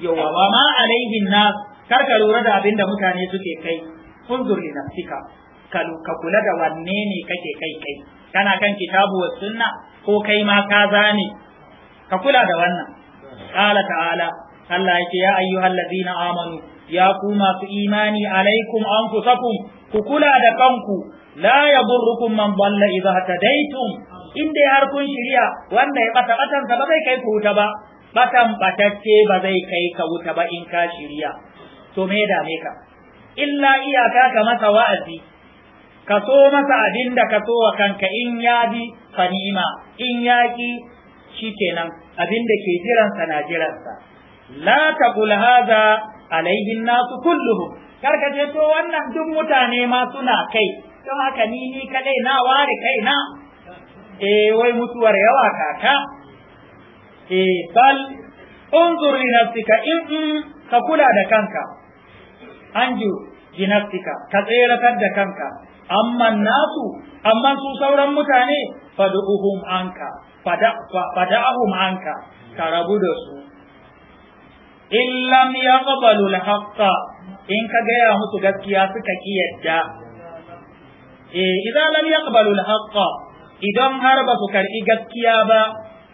yawa ba ma alaihin nas kar ka lura da abinda mutane suke kai Kun unzur li Kalu ka kula da wanne ne kake kai kai kana kan kitabu wa sunna ko kai ma ka zane ka kula da wannan qala ta'ala Allah yake ya ayyuhallazina amanu ya ku masu imani alaikum an ku kula da kanku la yadurrukum man balla idza tadaitum in dai har kun shirya wanda ya bata batan ba zai kai ku wuta ba batan batacce ba zai kai ka wuta ba in ka shirya to me dame ka illa iyaka ka masa wa'azi ka so masa abin da ka so wa kanka in ya bi fanima in ya ki shikenan abin da ke jiransa na jiransa la taqul hadha alaihin nasu kulluhum karkace to wannan duk mutane ma suna kai don haka ni ni kadai na ware kai na eh wai mutuwar yawa kaka eh bal unzur li nafsika in ka kula da kanka anju li nafsika ka tseratar da kanka amma nasu amma su sauran mutane fad'uhum anka anka ka rabu da su illam yaqbalu al in ka gaya musu gaskiya suka kiyarda eh idan lam yaqbalu al idan har ba su karbi gaskiya ba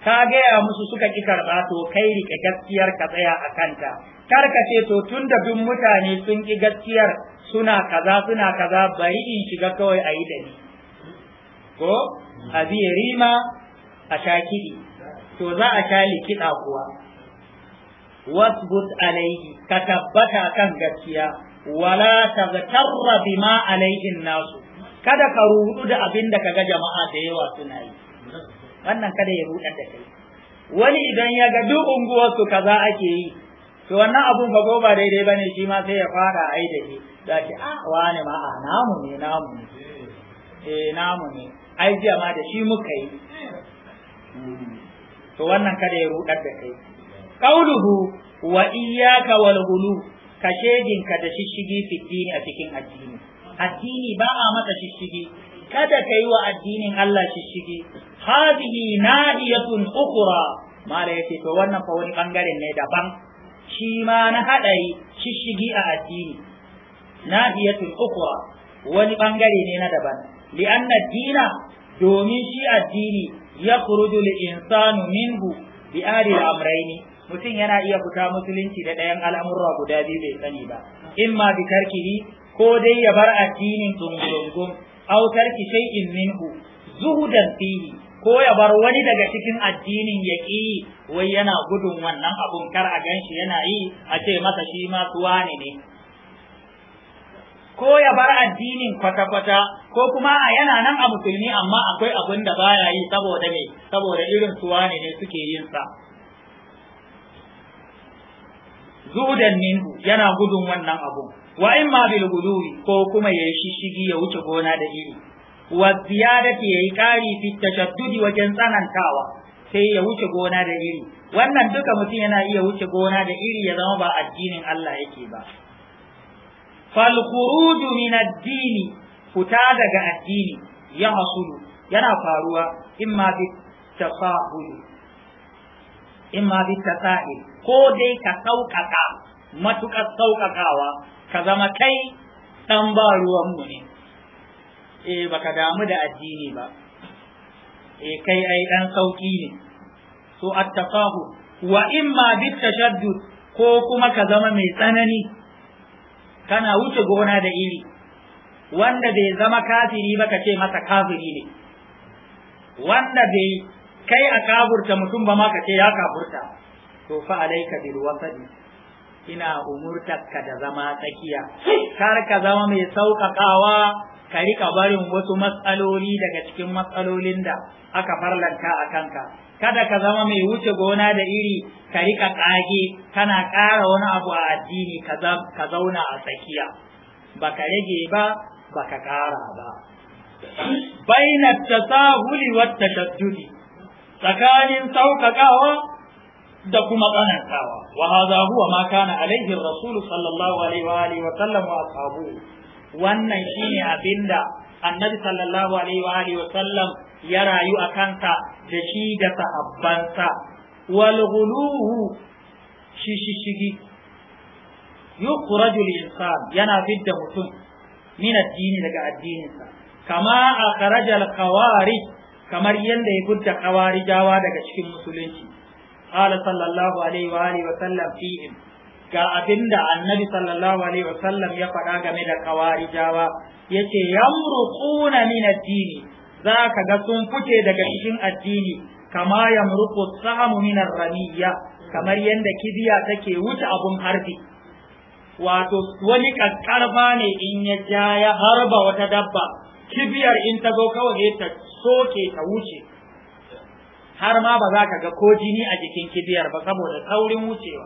ka gaya musu suka ki karba to kai rike gaskiyar ka tsaya a kanta kar ka ce to tunda bin mutane sun ki gaskiyar suna kaza suna kaza bari in shiga kawai ayi yi da ni ko a biye rima a sha kiɗi to za a sha likiɗa kuwa wasbut alaihi ka tabbata kan gaskiya wala tagtarra bima alaihin nasu kada ka rudu da abin da kaga jama'a da yawa suna yi wannan kada ya rudar da kai wani idan ya ga duk unguwarsu kaza ake yi to wannan abun fa ba daidai bane shi ma sai ya fara ai da shi da ki a wani ma a namu ne namu ne eh namu ne ai jiya ma da shi muka yi to wannan kada ya rudar da kai qauluhu wa iyyaka wal ghulu ka da shishigi fitini a cikin addini addini ba a masa shishigi kada ka yi wa addinin Allah shishigi hadhihi nahiyatun ukhra mala yace to wannan fa wani bangaren ne daban shi ma na hadari shishigi a addini nahiyatun ukhra wani bangare ne na daban li anna dina domin shi addini ya khuruju insanu minhu bi al amrayni mutum yana iya fita musulunci da ɗayan al'amurra guda biyu bai sani ba in ma bi tarkihi ko dai ya bar addinin dungurungum aw tarki shay'in minhu zuhudan fihi ko ya bar wani daga cikin addinin ya wai yana gudun wannan abun kar a ganshi yana yi a ce masa shi ma suwane ne ko ya bar addinin kwata-kwata ko kuma a yana nan a musulmi amma akwai abin da baya yi saboda ne saboda irin suwa ne suke yin sa Zu'udan minhu yana gudun wannan abun wa in ma bil ko kuma yayi shishigi ya wuce gona da iri wa ziyadati yayi kari fi tashaddudi wajen tsanantawa sai ya wuce gona da iri wannan duka mutum yana iya wuce gona da iri ya zama ba addinin Allah yake ba fal khuruj min ad din fita daga addini ya hasulu yana faruwa imma bi tasahul imma bi tasahul ko dai ka sauƙaƙa matuƙar sauƙaƙawa ka zama kai ɗan ba ruwanmu ne eh ka damu da addini ba E, kai ai ɗan sauƙi ne so attaqahu wa ma bit tashaddud ko kuma ka zama mai tsanani kana wuce gona da iri wanda bai zama kafiri ba ka ce masa kafiri ne wanda bai kai a kafurta mutum ba ma ka ce ya kafurta to fa alayka bil wasadi ina umurtarka da zama tsakiya kar ka zama mai sauƙaƙawa ka rika barin wasu matsaloli daga cikin matsalolin da aka farlanta a kanka kada ka zama mai wuce gona da iri ka rika ƙage kana ƙara wani abu a addini ka zauna a tsakiya ba ka rage ba ba ka ƙara ba baina tasahuli wa tashaddudi tsakanin sauƙaƙawa da kuma tsanantawa wa hadha huwa ma kana alaihi rasul sallallahu alaihi wa wa sallam wa ashabu wannan shine abinda annabi sallallahu alaihi wa wa sallam ya rayu a kanta da shi da sahabbansa wal ghuluhu shishishigi yukhraju al insan yana fidda mutum min addini daga addininsa kama akhraja al khawarij kamar yanda ya gudda khawarijawa daga cikin musulunci qala sallallahu alaihi wa alihi wa sallam fihim ga abinda annabi sallallahu alaihi wa sallam ya faɗa game da kawarijawa yace yamruquna min ad-dini zaka ga sun fice daga cikin addini kama yamruqu sahamu min ar-ramiyya kamar yadda kibiya take wuce abun harbi wato wani kakkarfa ne in ya ja ya harba wata dabba kibiyar in ta zo kawai ta soke ta wuce har ma ba za ka ga ko jini a jikin kibiyar ba saboda saurin wucewa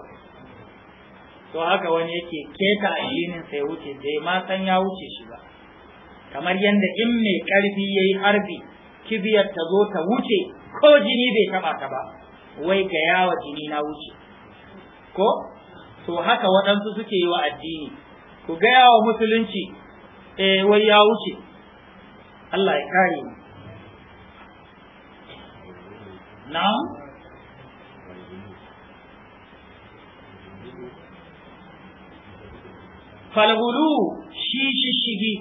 to haka wani yake keta addinin sai wuce bai ma san ya wuce shi ba kamar yadda in mai karfi ya yi harbi kibiyar ta zo ta wuce ko jini bai taba ta ba wai ga yawa jini na wuce ko to haka waɗansu suke yi wa addini ku gaya wa musulunci eh wai ya wuce Allah ya kare mu na'am falhulu shi shishigi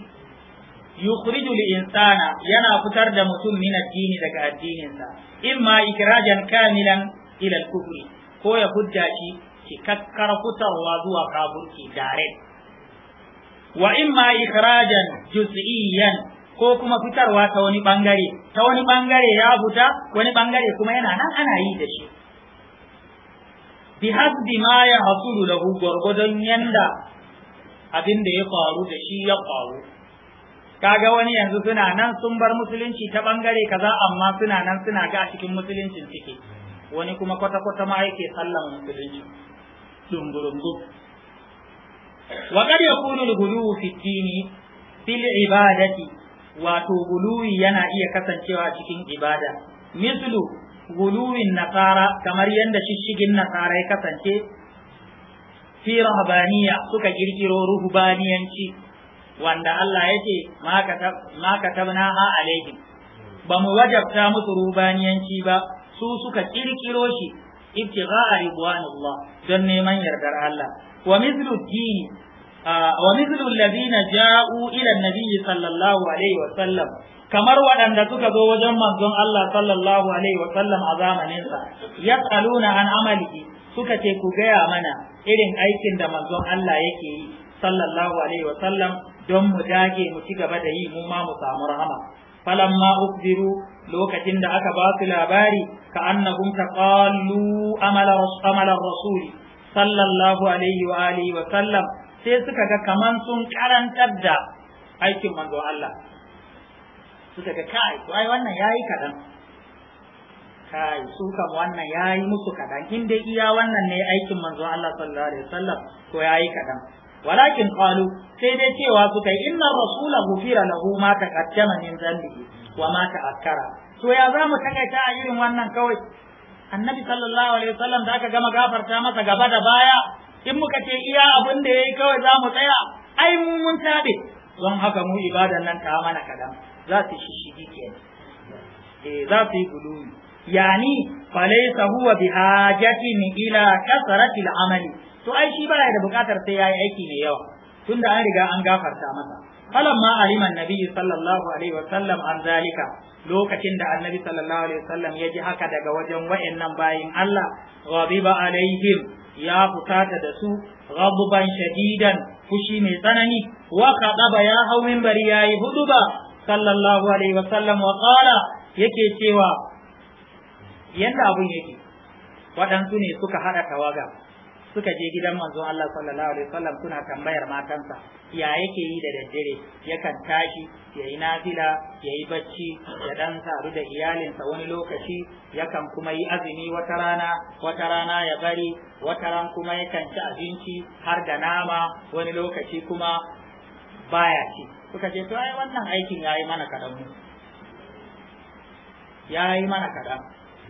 yukhriju insana yana fitar da mutum min addini daga addininsa imma ikrajan kamilan ila al-kufri ko ya hujja shi cikakkar fitarwa zuwa kafirci direct wa imma ikrajan juz'iyyan ko kuma fitarwa ta wani bangare ta wani bangare ya fita wani bangare kuma yana nan ana yi da shi bi hasbi ma ya hasulu lahu gwargwadon yanda abin da ya faru da shi ya faru kaga wani yanzu suna nan sun bar musulunci ta bangare kaza amma suna nan suna ga cikin musuluncin suke wani kuma kwata-kwata ma yake sallan musulunci dungurungu wa qad yakunu al-ghuluw fi ad-din fil ibadati wato guluwi yana iya kasancewa cikin ibada mislu guluwin nasara kamar yadda shishigin nasara ya kasance fi rahabaniya suka kirkiro ruhubaniyanci wanda Allah ya ce ma tabna ha alaihim ba mu wajabta musu ruhubaniyanci ba su suka kirkiro shi ibtigha'a ridwanillah don neman yardar Allah wa mislu dini wa mithlu alladhina ja'u ila an-nabiy sallallahu alaihi wa sallam kamar waɗanda suka zo wajen manzon Allah sallallahu alaihi wa sallam a zamaninsa yas'aluna an amalihi suka ce ku gaya mana irin aikin da manzon Allah yake yi sallallahu alaihi wa sallam don mu dage mu ci gaba da yi mu ma mu samu rahama falamma ukbiru lokacin da aka ba su labari ka annahum taqallu amala amala rasuli sallallahu alaihi wa alihi wa sallam sai suka ga kaman sun karantar da aikin manzo Allah suka ga kai to ai wannan yayi kadan kai su kam wannan yayi musu kadan in dai iya wannan ne aikin manzo Allah sallallahu alaihi wasallam to yayi kadan walakin qalu sai dai cewa suka yi inna rasulahu ghufira lahu ma taqaddama min dhanbihi wa ma ta'akkara to ya za mu takaita a irin wannan kawai annabi sallallahu alaihi wasallam da aka gama gafarta masa gaba da baya in muka ce iya abin da ya yi kawai za mu tsaya ai mun tsabe don haka mu ibadan nan ta mana kadan za su shishigi kenan eh za su yi guluwi yani falaysa huwa bihajatin ila kasratil amali to ai shi baya da bukatar sai yayi aiki ne yawa tunda an riga an gafarta masa ma alima annabi sallallahu alaihi wa sallam an zalika lokacin da annabi sallallahu alaihi wa sallam ya ji haka daga wajen wa'annan bayin Allah ghadiba alaihim ya fusata da su ghadban shadidan fushi mai tsanani wa qadaba ya hau minbari yayi huduba sallallahu alaihi wa sallam wa qala yake cewa yanda abun yake waɗansu ne suka haɗa tawaga suka je gidan manzon Allah sallallahu alaihi wa sallam suna tambayar matansa ya yake yi da daddare yakan tashi ya yi nafila ya yi bacci ya dan saru da iyalinsa wani lokaci yakan kuma yi azumi wata rana wata rana ya bari wata ran kuma yakan ci abinci har da nama wani lokaci kuma baya ci suka ce to ai wannan aikin yi mana kaɗan mu ya yi mana kaɗan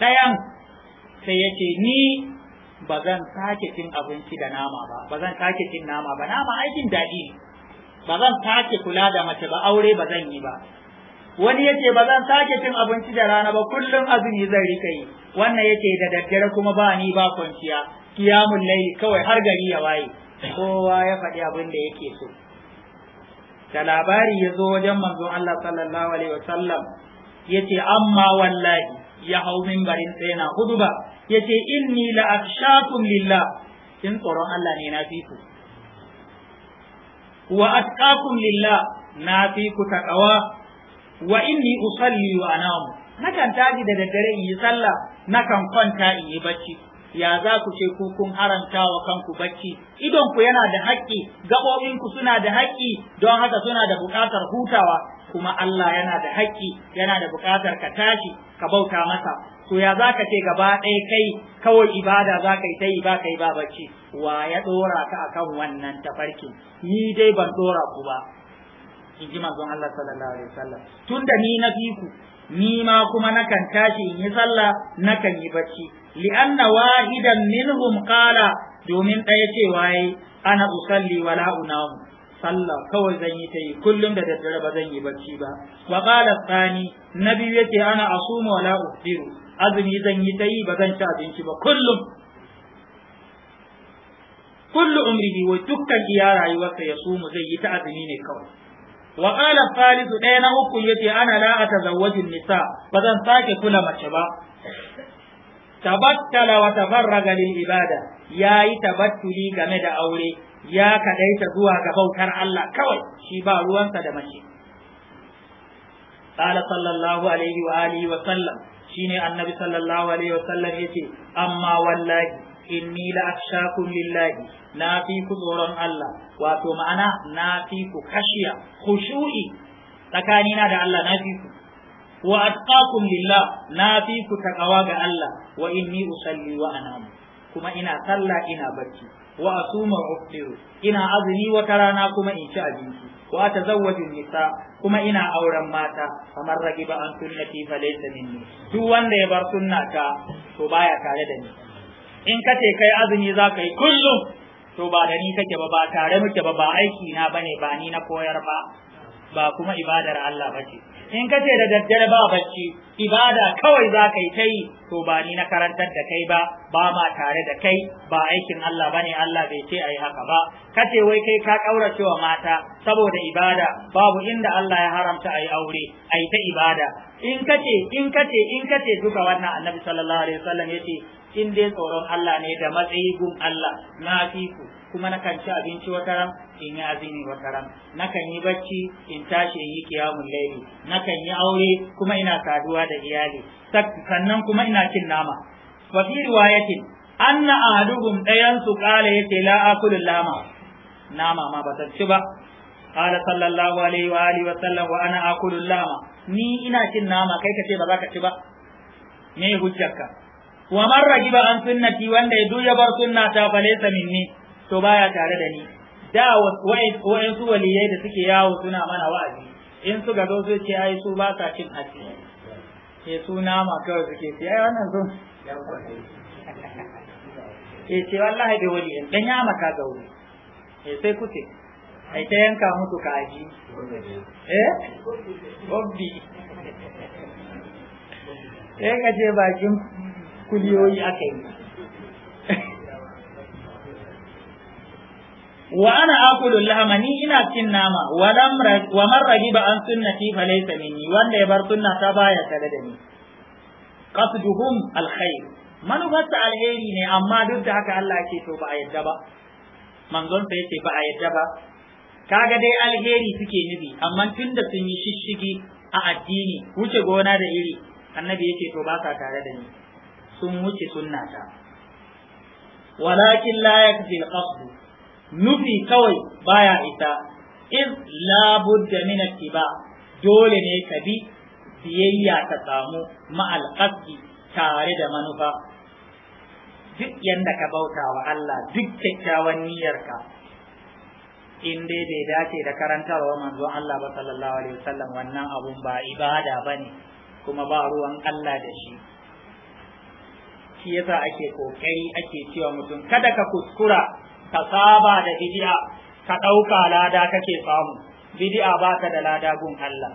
ɗayan sai ya ce ni ba zan sake cin abinci da nama ba ba zan sake cin nama ba nama aikin daɗi ne ba zan sake kula da mace ba aure ba zan yi ba wani yake ba zan sake cin abinci da rana ba kullum azumi zan rika yi wannan yake da daddare kuma ba ni ba kwanciya kiyamun laili kawai har gari ya waye kowa ya faɗi abin da yake so da labari ya zo wajen manzo Allah sallallahu alaihi wasallam yace amma wallahi ya hau mimbarin tsena na huduba yace inni la akhshakum lillah in tsoron Allah ne na fi ku wa atqakum lillah na fi ku taqawa wa inni usalli wa anam nakan tashi da daddare in yi sallah nakan kwanta in yi bacci ya za ku ce ku kun haranta wa kanku bacci idon ku yana da haƙƙi gaɓoɓin ku suna da haƙƙi don haka suna da buƙatar hutawa kuma Allah yana da haƙƙi yana da buƙatar ka tashi ka bauta masa to ya za ka ce gaba ɗaya kai kawai ibada za ka yi ta yi ba ka yi ba bacci wa ya ɗora ka kan wannan tafarkin? ni dai ban ɗora ku ba in ji manzon Allah sallallahu alaihi wasallam tun da ni na fi ku ni ma kuma nakan tashi in yi sallah nakan yi bacci li'anna wahidan minhum qala domin ɗaya cewa yayi ana usalli wala unamu sallah kawai zan yi ta yi kullum da daddare ba zan yi bacci ba wa qala tsani na biyu yake ana asuma wala uftiru azumi zan yi ta yi ba zan ci abinci ba kullum kullu umrihi wa dukkan iya rayuwarsa ya sumu zai yi ta azumi ne kawai wa qala thalithu ɗaya na uku yace ana la atazawwaju nisa ba zan sake kula mace ba tabattala wa tabarraga lil ibada yayi tabattuli game da aure ya kadaita zuwa ga bautar Allah kawai shi ba ruwansa da mace qala sallallahu alaihi wa alihi wa sallam shine annabi sallallahu alaihi wa sallam ya ce, amma wallahi inni la akhshakum lillahi na fi ku tsoron Allah wato ma'ana na fi ku kashiya khushu'i tsakanina da Allah na fi ku wa atqakum lillah na fi ku takawa ga Allah wa inni usalli wa anam kuma ina sallah ina barci wa asuma uftiru ina azumi wata rana kuma in ci abinci wa tazawwaju nisa kuma ina auren mata kamar ragiba an sunnati fa laysa minni duk wanda ya bar ta to baya tare da ni in kace kai azumi za ka yi kullum to ba da ni kake ba ba tare muke ba ba aiki na bane ba ni na koyar ba ba kuma ibadar Allah ba ce in ka ce da daddare ba bacci ibada kawai za ka yi ta yi to ba ni na karantar da kai ba ba ma tare da kai ba aikin Allah ba ne Allah bai ce a yi haka ba ka ce wai kai ka ƙaurace wa mata saboda ibada babu inda Allah ya haramta a yi aure a yi ta ibada in ka ce in ka ce in ka ce duka wannan annabi sallallahu alaihi wasallam ya ce in dai tsoron Allah ne da matsayi gun Allah na fiku kuma na kan ci abinci wata ran in yi azumi wata ran na kan yi bacci in tashi yi kiyamun laili na kan yi aure kuma ina saduwa da iyali sannan kuma ina cin nama wa fi riwayatin anna ahadukum dayan su qala yace la akulu lama nama ma ba ci ba qala sallallahu alaihi wa alihi wa sallam wa ana akulu lama ni ina cin nama kai ka ce ba za ka ci ba me hujjaka wa man ragiba an sunnati wanda ya duk ya bar sunna ta falaysa minni to baya tare da ni da wa'ansu waliyai da suke yawo suna mana wa'azi in su ga su ce ai su ba sa cin hajji. ke suna ma kawai suke ce ai wannan sun ke eh, ce wallahi da wali dan ya maka ga wuri ke eh, sai kuce ai ta yanka musu kaji eh obbi eh kaje bakin kuliyoyi aka yi wa ana akulul lahamani ina cin nama wa lam wa man ragiba an sunnati fa laysa minni wanda ya bar sunna ta baya tare da ni qasduhum alkhair manufarta alheri ne amma duk da haka Allah ce to ba a yadda ba manzon sa yace ba a yadda ba kaga dai alheri suke nufi amma tunda sun yi shishigi a addini wuce gona da iri annabi yake to ba sa tare da ni sun wuce sunnata walakin la yakfi al-qasd nufi kawai baya ita iz la budda min ittiba dole ne ka bi biyayya ta samu ma al tare da manufa duk yanda ka bauta wa Allah duk kyakkyawan niyyarka in dai bai dace da karantarwa manzo Allah ba sallallahu alaihi wasallam wannan abun ba ibada bane kuma ba ruwan Allah da shi shi yasa ake kokari ake cewa mutum kada ka kuskura ka saba da bid'a ka ɗauka lada kake samu bid'a ba ta da lada gun Allah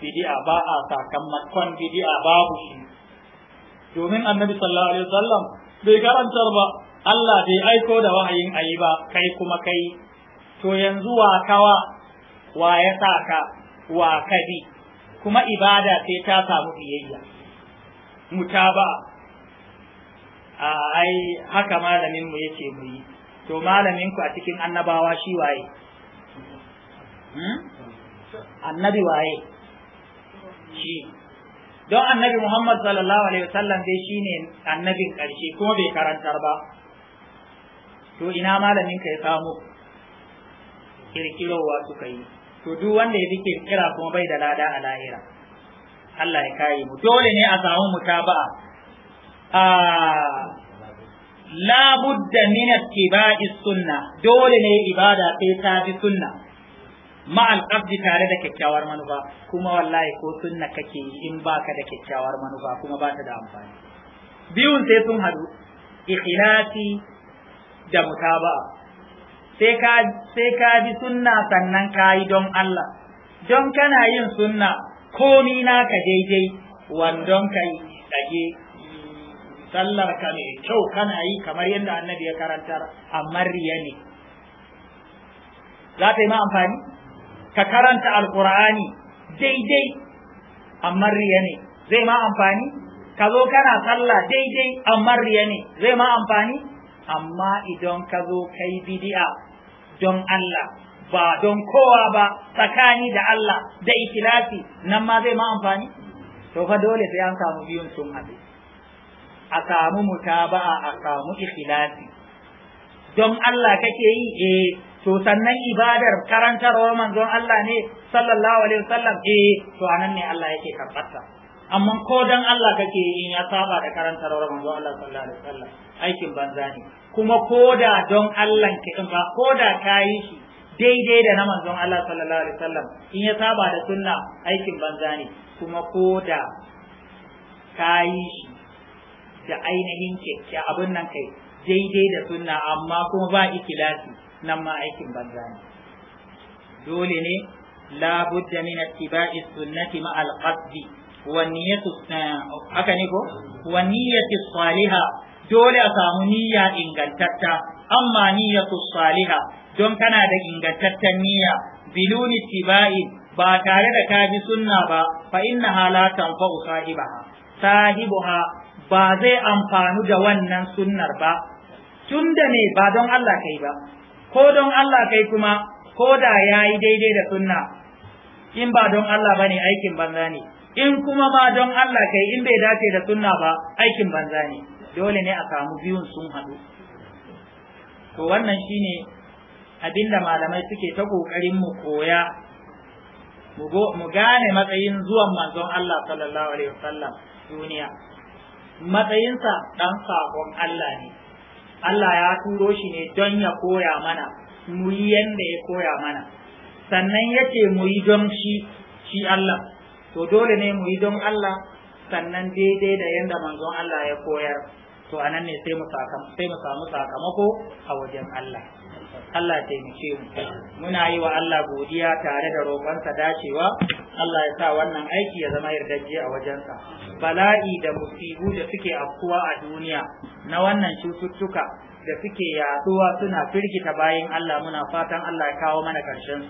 bid'a ba a sakamakon bid'a babu shi domin annabi sallallahu alaihi wasallam bai karantar ba Allah bai aiko da wahayin ayi ba kai kuma kai to yanzu wa kawa wa ya saka wa kadi kuma ibada sai ta samu biyayya mutaba a ai haka malamin mu yake mu yi to malamin ku a cikin annabawa shi waye hmm? annabi waye shi don annabi Muhammad sallallahu alaihi wasallam dai shine annabin karshe kuma bai karantar ba to ina malamin ka ya samu kirkirowa suka yi to duk wanda ya bi kirkira kuma bai da lada a lahira Allah ya kare mu dole ne a samu mutaba'a a ah, la budda min ittiba'i sunna dole ne ibada sai ta bi sunna ma al tare da kyakkyawar manufa kuma wallahi ko sunna kake in baka da kyakkyawar manufa kuma ba ta da amfani biyun sai sun hadu ikhlasi da mutaba'a sai ka sai ka bi sunna sannan ka don Allah don kana yin sunna komi naka daidai wandon yi tsage sallar ka mai kyau kana yi kamar yadda annabi ya karanta amma riya ne za ta yi ma amfani ka karanta alkur'ani daidai amma riya ne zai ma amfani ka zo kana sallah daidai amma riya ne zai ma amfani amma idan ka zo kai bidi'a don Allah ba don kowa ba tsakani da Allah da ikilasi nan ma zai ma amfani to fa dole sai an samu biyun sun haɗu a samu mutaba'a a samu ikilasi don Allah kake yi eh to sannan ibadar karantarwar manzon Allah ne sallallahu alaihi wasallam eh to anan ne Allah yake karbata. amma ko dan Allah kake yi in ya saba da karantarwar manzon Allah sallallahu alaihi wasallam aikin banza ne kuma koda don Allah ke ba koda kayi shi daidai da na manzon Allah sallallahu alaihi wasallam in ya saba da sunna aikin banza ne kuma ko da ka yi shi da ainihin kyakkya abin nan kai daidai da sunna amma kuma ba ikilasi nan ma aikin banza ne dole ne la budda min ittiba'i sunnati ma al qasdi wa niyyatu eh, haka ne ko wa niyyati salihah dole a samu niyya ingantatta amma niyyatu salihah don kana da ingantaccen niyya biluni tibai ba tare da ka bi sunna ba fa inna halatan fa sahibaha sahibuha ba zai amfanu da wannan sunnar ba tunda ne ba don Allah kai ba ko don Allah kai kuma ko da yayi daidai da sunna in ba don Allah bane aikin banza ne in kuma ba don Allah kai in bai dace da sunna ba aikin banza ne dole ne a samu biyun sun haɗu to wannan shine abinda malamai suke ta kokarin mu koya mu gane matsayin zuwan manzon Allah sallallahu alaihi wasallam duniya matsayinsa dan sakon Allah ne Allah ya turo shi ne don ya koya mana mu yi yanda ya koya mana sannan yake mu yi don shi shi Allah to dole ne mu yi don Allah sannan daidai da yanda manzon Allah ya koyar to anan ne sai mu sai mu samu sakamako a wajen Allah Allah taimake mu muna yi wa Allah godiya tare da roƙonsa dacewa Allah ya sa wannan aiki ya zama yardaje a wajensa bala'i da musibu da suke afkuwa a duniya na wannan cututtuka da suke yaduwa suna firgita bayan Allah muna fatan Allah ya kawo mana karshen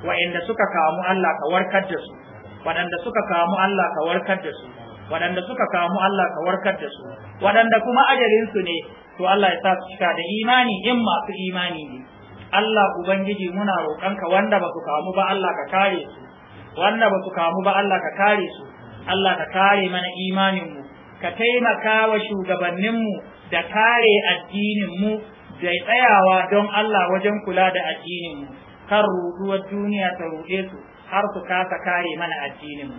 su wa'anda suka kamu Allah ka warkar da su waɗanda suka kamu Allah ka warkar da su waɗanda suka kamu Allah ka warkar da su waɗanda kuma su ne to Allah ya sa su cika da imani in masu imani ne Allah Ubangiji muna roƙonka wanda ba su kamu ba Allah ka kare su wanda ba su kamu ba Allah ka kare su Allah ka kare mana imaninmu ka taimaka wa shugabanninmu da kare addininmu da tsayawa don Allah wajen kula da addininmu kan ruɗuwar duniya ta ruɗe su har su kasa kare mana addininmu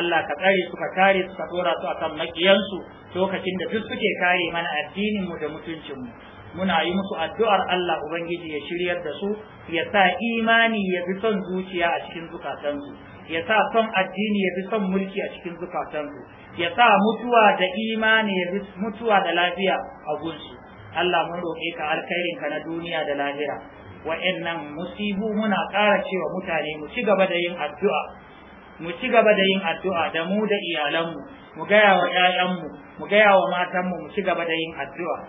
Allah ka tsare su ka kare su ka tsora su kan makiyansu lokacin da duk suke kare mana addininmu da mutuncinmu muna yi musu addu'ar Allah Ubangiji ya shiryar da su ya sa imani ya fi son zuciya a cikin zukatansu ya sa son addini ya fi son mulki a cikin zukatansu ya sa mutuwa da imani ya fi mutuwa da lafiya a gunsu Allah mun roƙe ka alkhairin ka na duniya da lahira wayannan musibu muna ƙara cewa mutane mu ci da yin addu'a mu ci gaba da yin addu'a da mu da iyalanmu mu gaya wa 'ya'yanmu mu gaya wa matanmu mu ci gaba da yin addu'a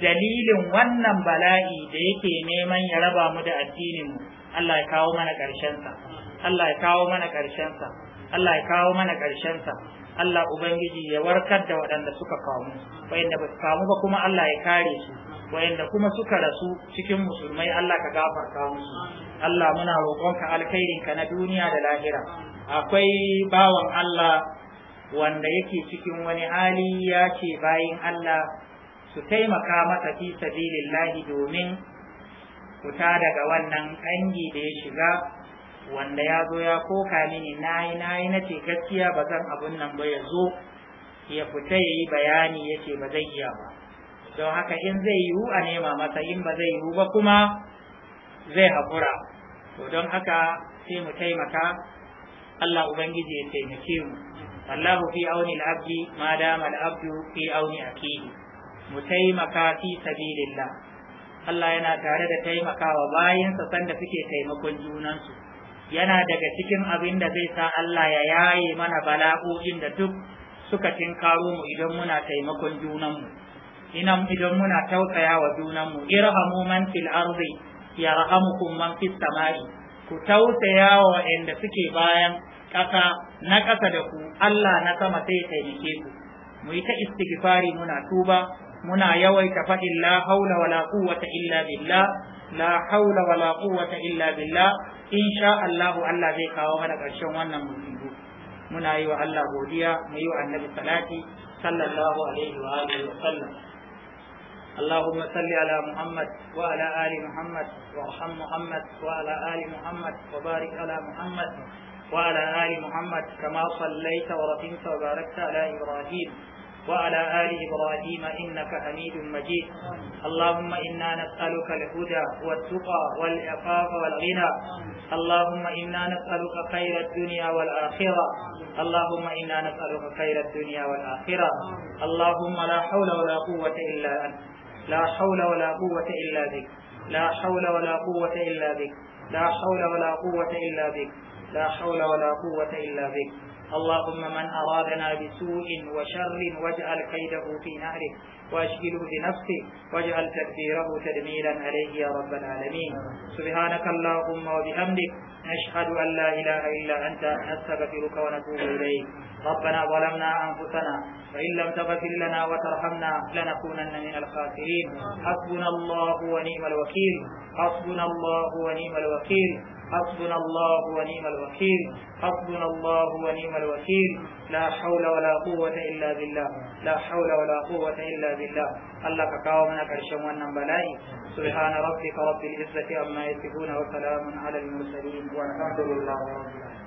dalilin wannan bala'i da yake neman ya raba mu da addininmu Allah ya kawo mana ƙarshensa Allah ya kawo mana ƙarshensa Allah ya kawo mana ƙarshensa Allah Ubangiji ya warkar da waɗanda suka kamu wayanda ba su kamu ba kuma Allah ya kare su wayanda kuma suka rasu cikin musulmai Allah ka gafarta musu Allah muna roƙonka ka na duniya da lahira akwai bawan Allah wanda yake cikin wani hali ya ce bayin Allah su taimaka masa fi sabilillahi domin fita daga wannan ƙangi da ya shiga wanda ya zo ya koka mini nayi nayi na ce gaskiya ba zan abun nan ba ya zo ya fita ya yi bayani ya ce ba zai iya ba don haka in zai yiwu a nema masa in ba zai yiwu ba kuma zai haƙura to don haka sai mu taimaka Allah Ubangiji ya taimake mu allahu fi auni al-abdi ma dama al-abdu fi auni Akili. mu taimaka fi sabilillah Allah yana tare da taimakawa bayan bayansa sanda suke taimakon junansu yana daga cikin abin da zai sa Allah ya yaye mana bala'o'in da duk suka tinkaro mu idan muna taimakon junanmu inan idan muna tausaya wa junanmu irhamu man fil ardi yarhamukum man fis samai ku tausaya wa inda suke bayan kasa na kasa da ku Allah na sama sai taimake ku mu yi ta istighfari muna tuba muna yawaita faɗin la haula wala quwwata illa billah la haula wala quwwata illa billah insha Allah Allah zai kawo mana ƙarshen wannan musibu muna yi wa Allah godiya mu yi wa annabi salati sallallahu alaihi wa alihi wa sallam اللهم صل على محمد وعلى آل محمد وارحم محمد وعلى آل محمد وبارك على محمد وعلى آل محمد كما صليت ورحمت وباركت على إبراهيم وعلى آل إبراهيم إنك حميد مجيد اللهم إنا نسألك الهدى والتقى والعفاف والغنى اللهم إنا نسألك خير الدنيا والآخرة اللهم إنا نسألك خير الدنيا والآخرة اللهم لا حول ولا قوة إلا أنت لا حول ولا قوة إلا بك لا حول ولا قوة إلا بك لا حول ولا قوة إلا بك لا حول ولا قوة إلا بك اللهم من أرادنا بسوء وشر واجعل كيده في نهره وأشغله بنفسه واجعل تدبيره تدميرا عليه يا رب العالمين سبحانك اللهم وبحمدك نشهد أن لا إله إلا أنت نستغفرك ونتوب إليك ربنا ظلمنا أنفسنا وإن لم تغفر لنا وترحمنا لنكونن من الخاسرين حسبنا الله ونعم الوكيل حسبنا الله ونعم الوكيل حسبنا الله ونعم الوكيل حسبنا الله ونعم الوكيل لا حول ولا قوة إلا بالله لا حول ولا قوة إلا بالله الله كاو من كرشم ونم بلائي سبحان ربك رب العزة أما يصفون وسلام على المرسلين والحمد لله رب العالمين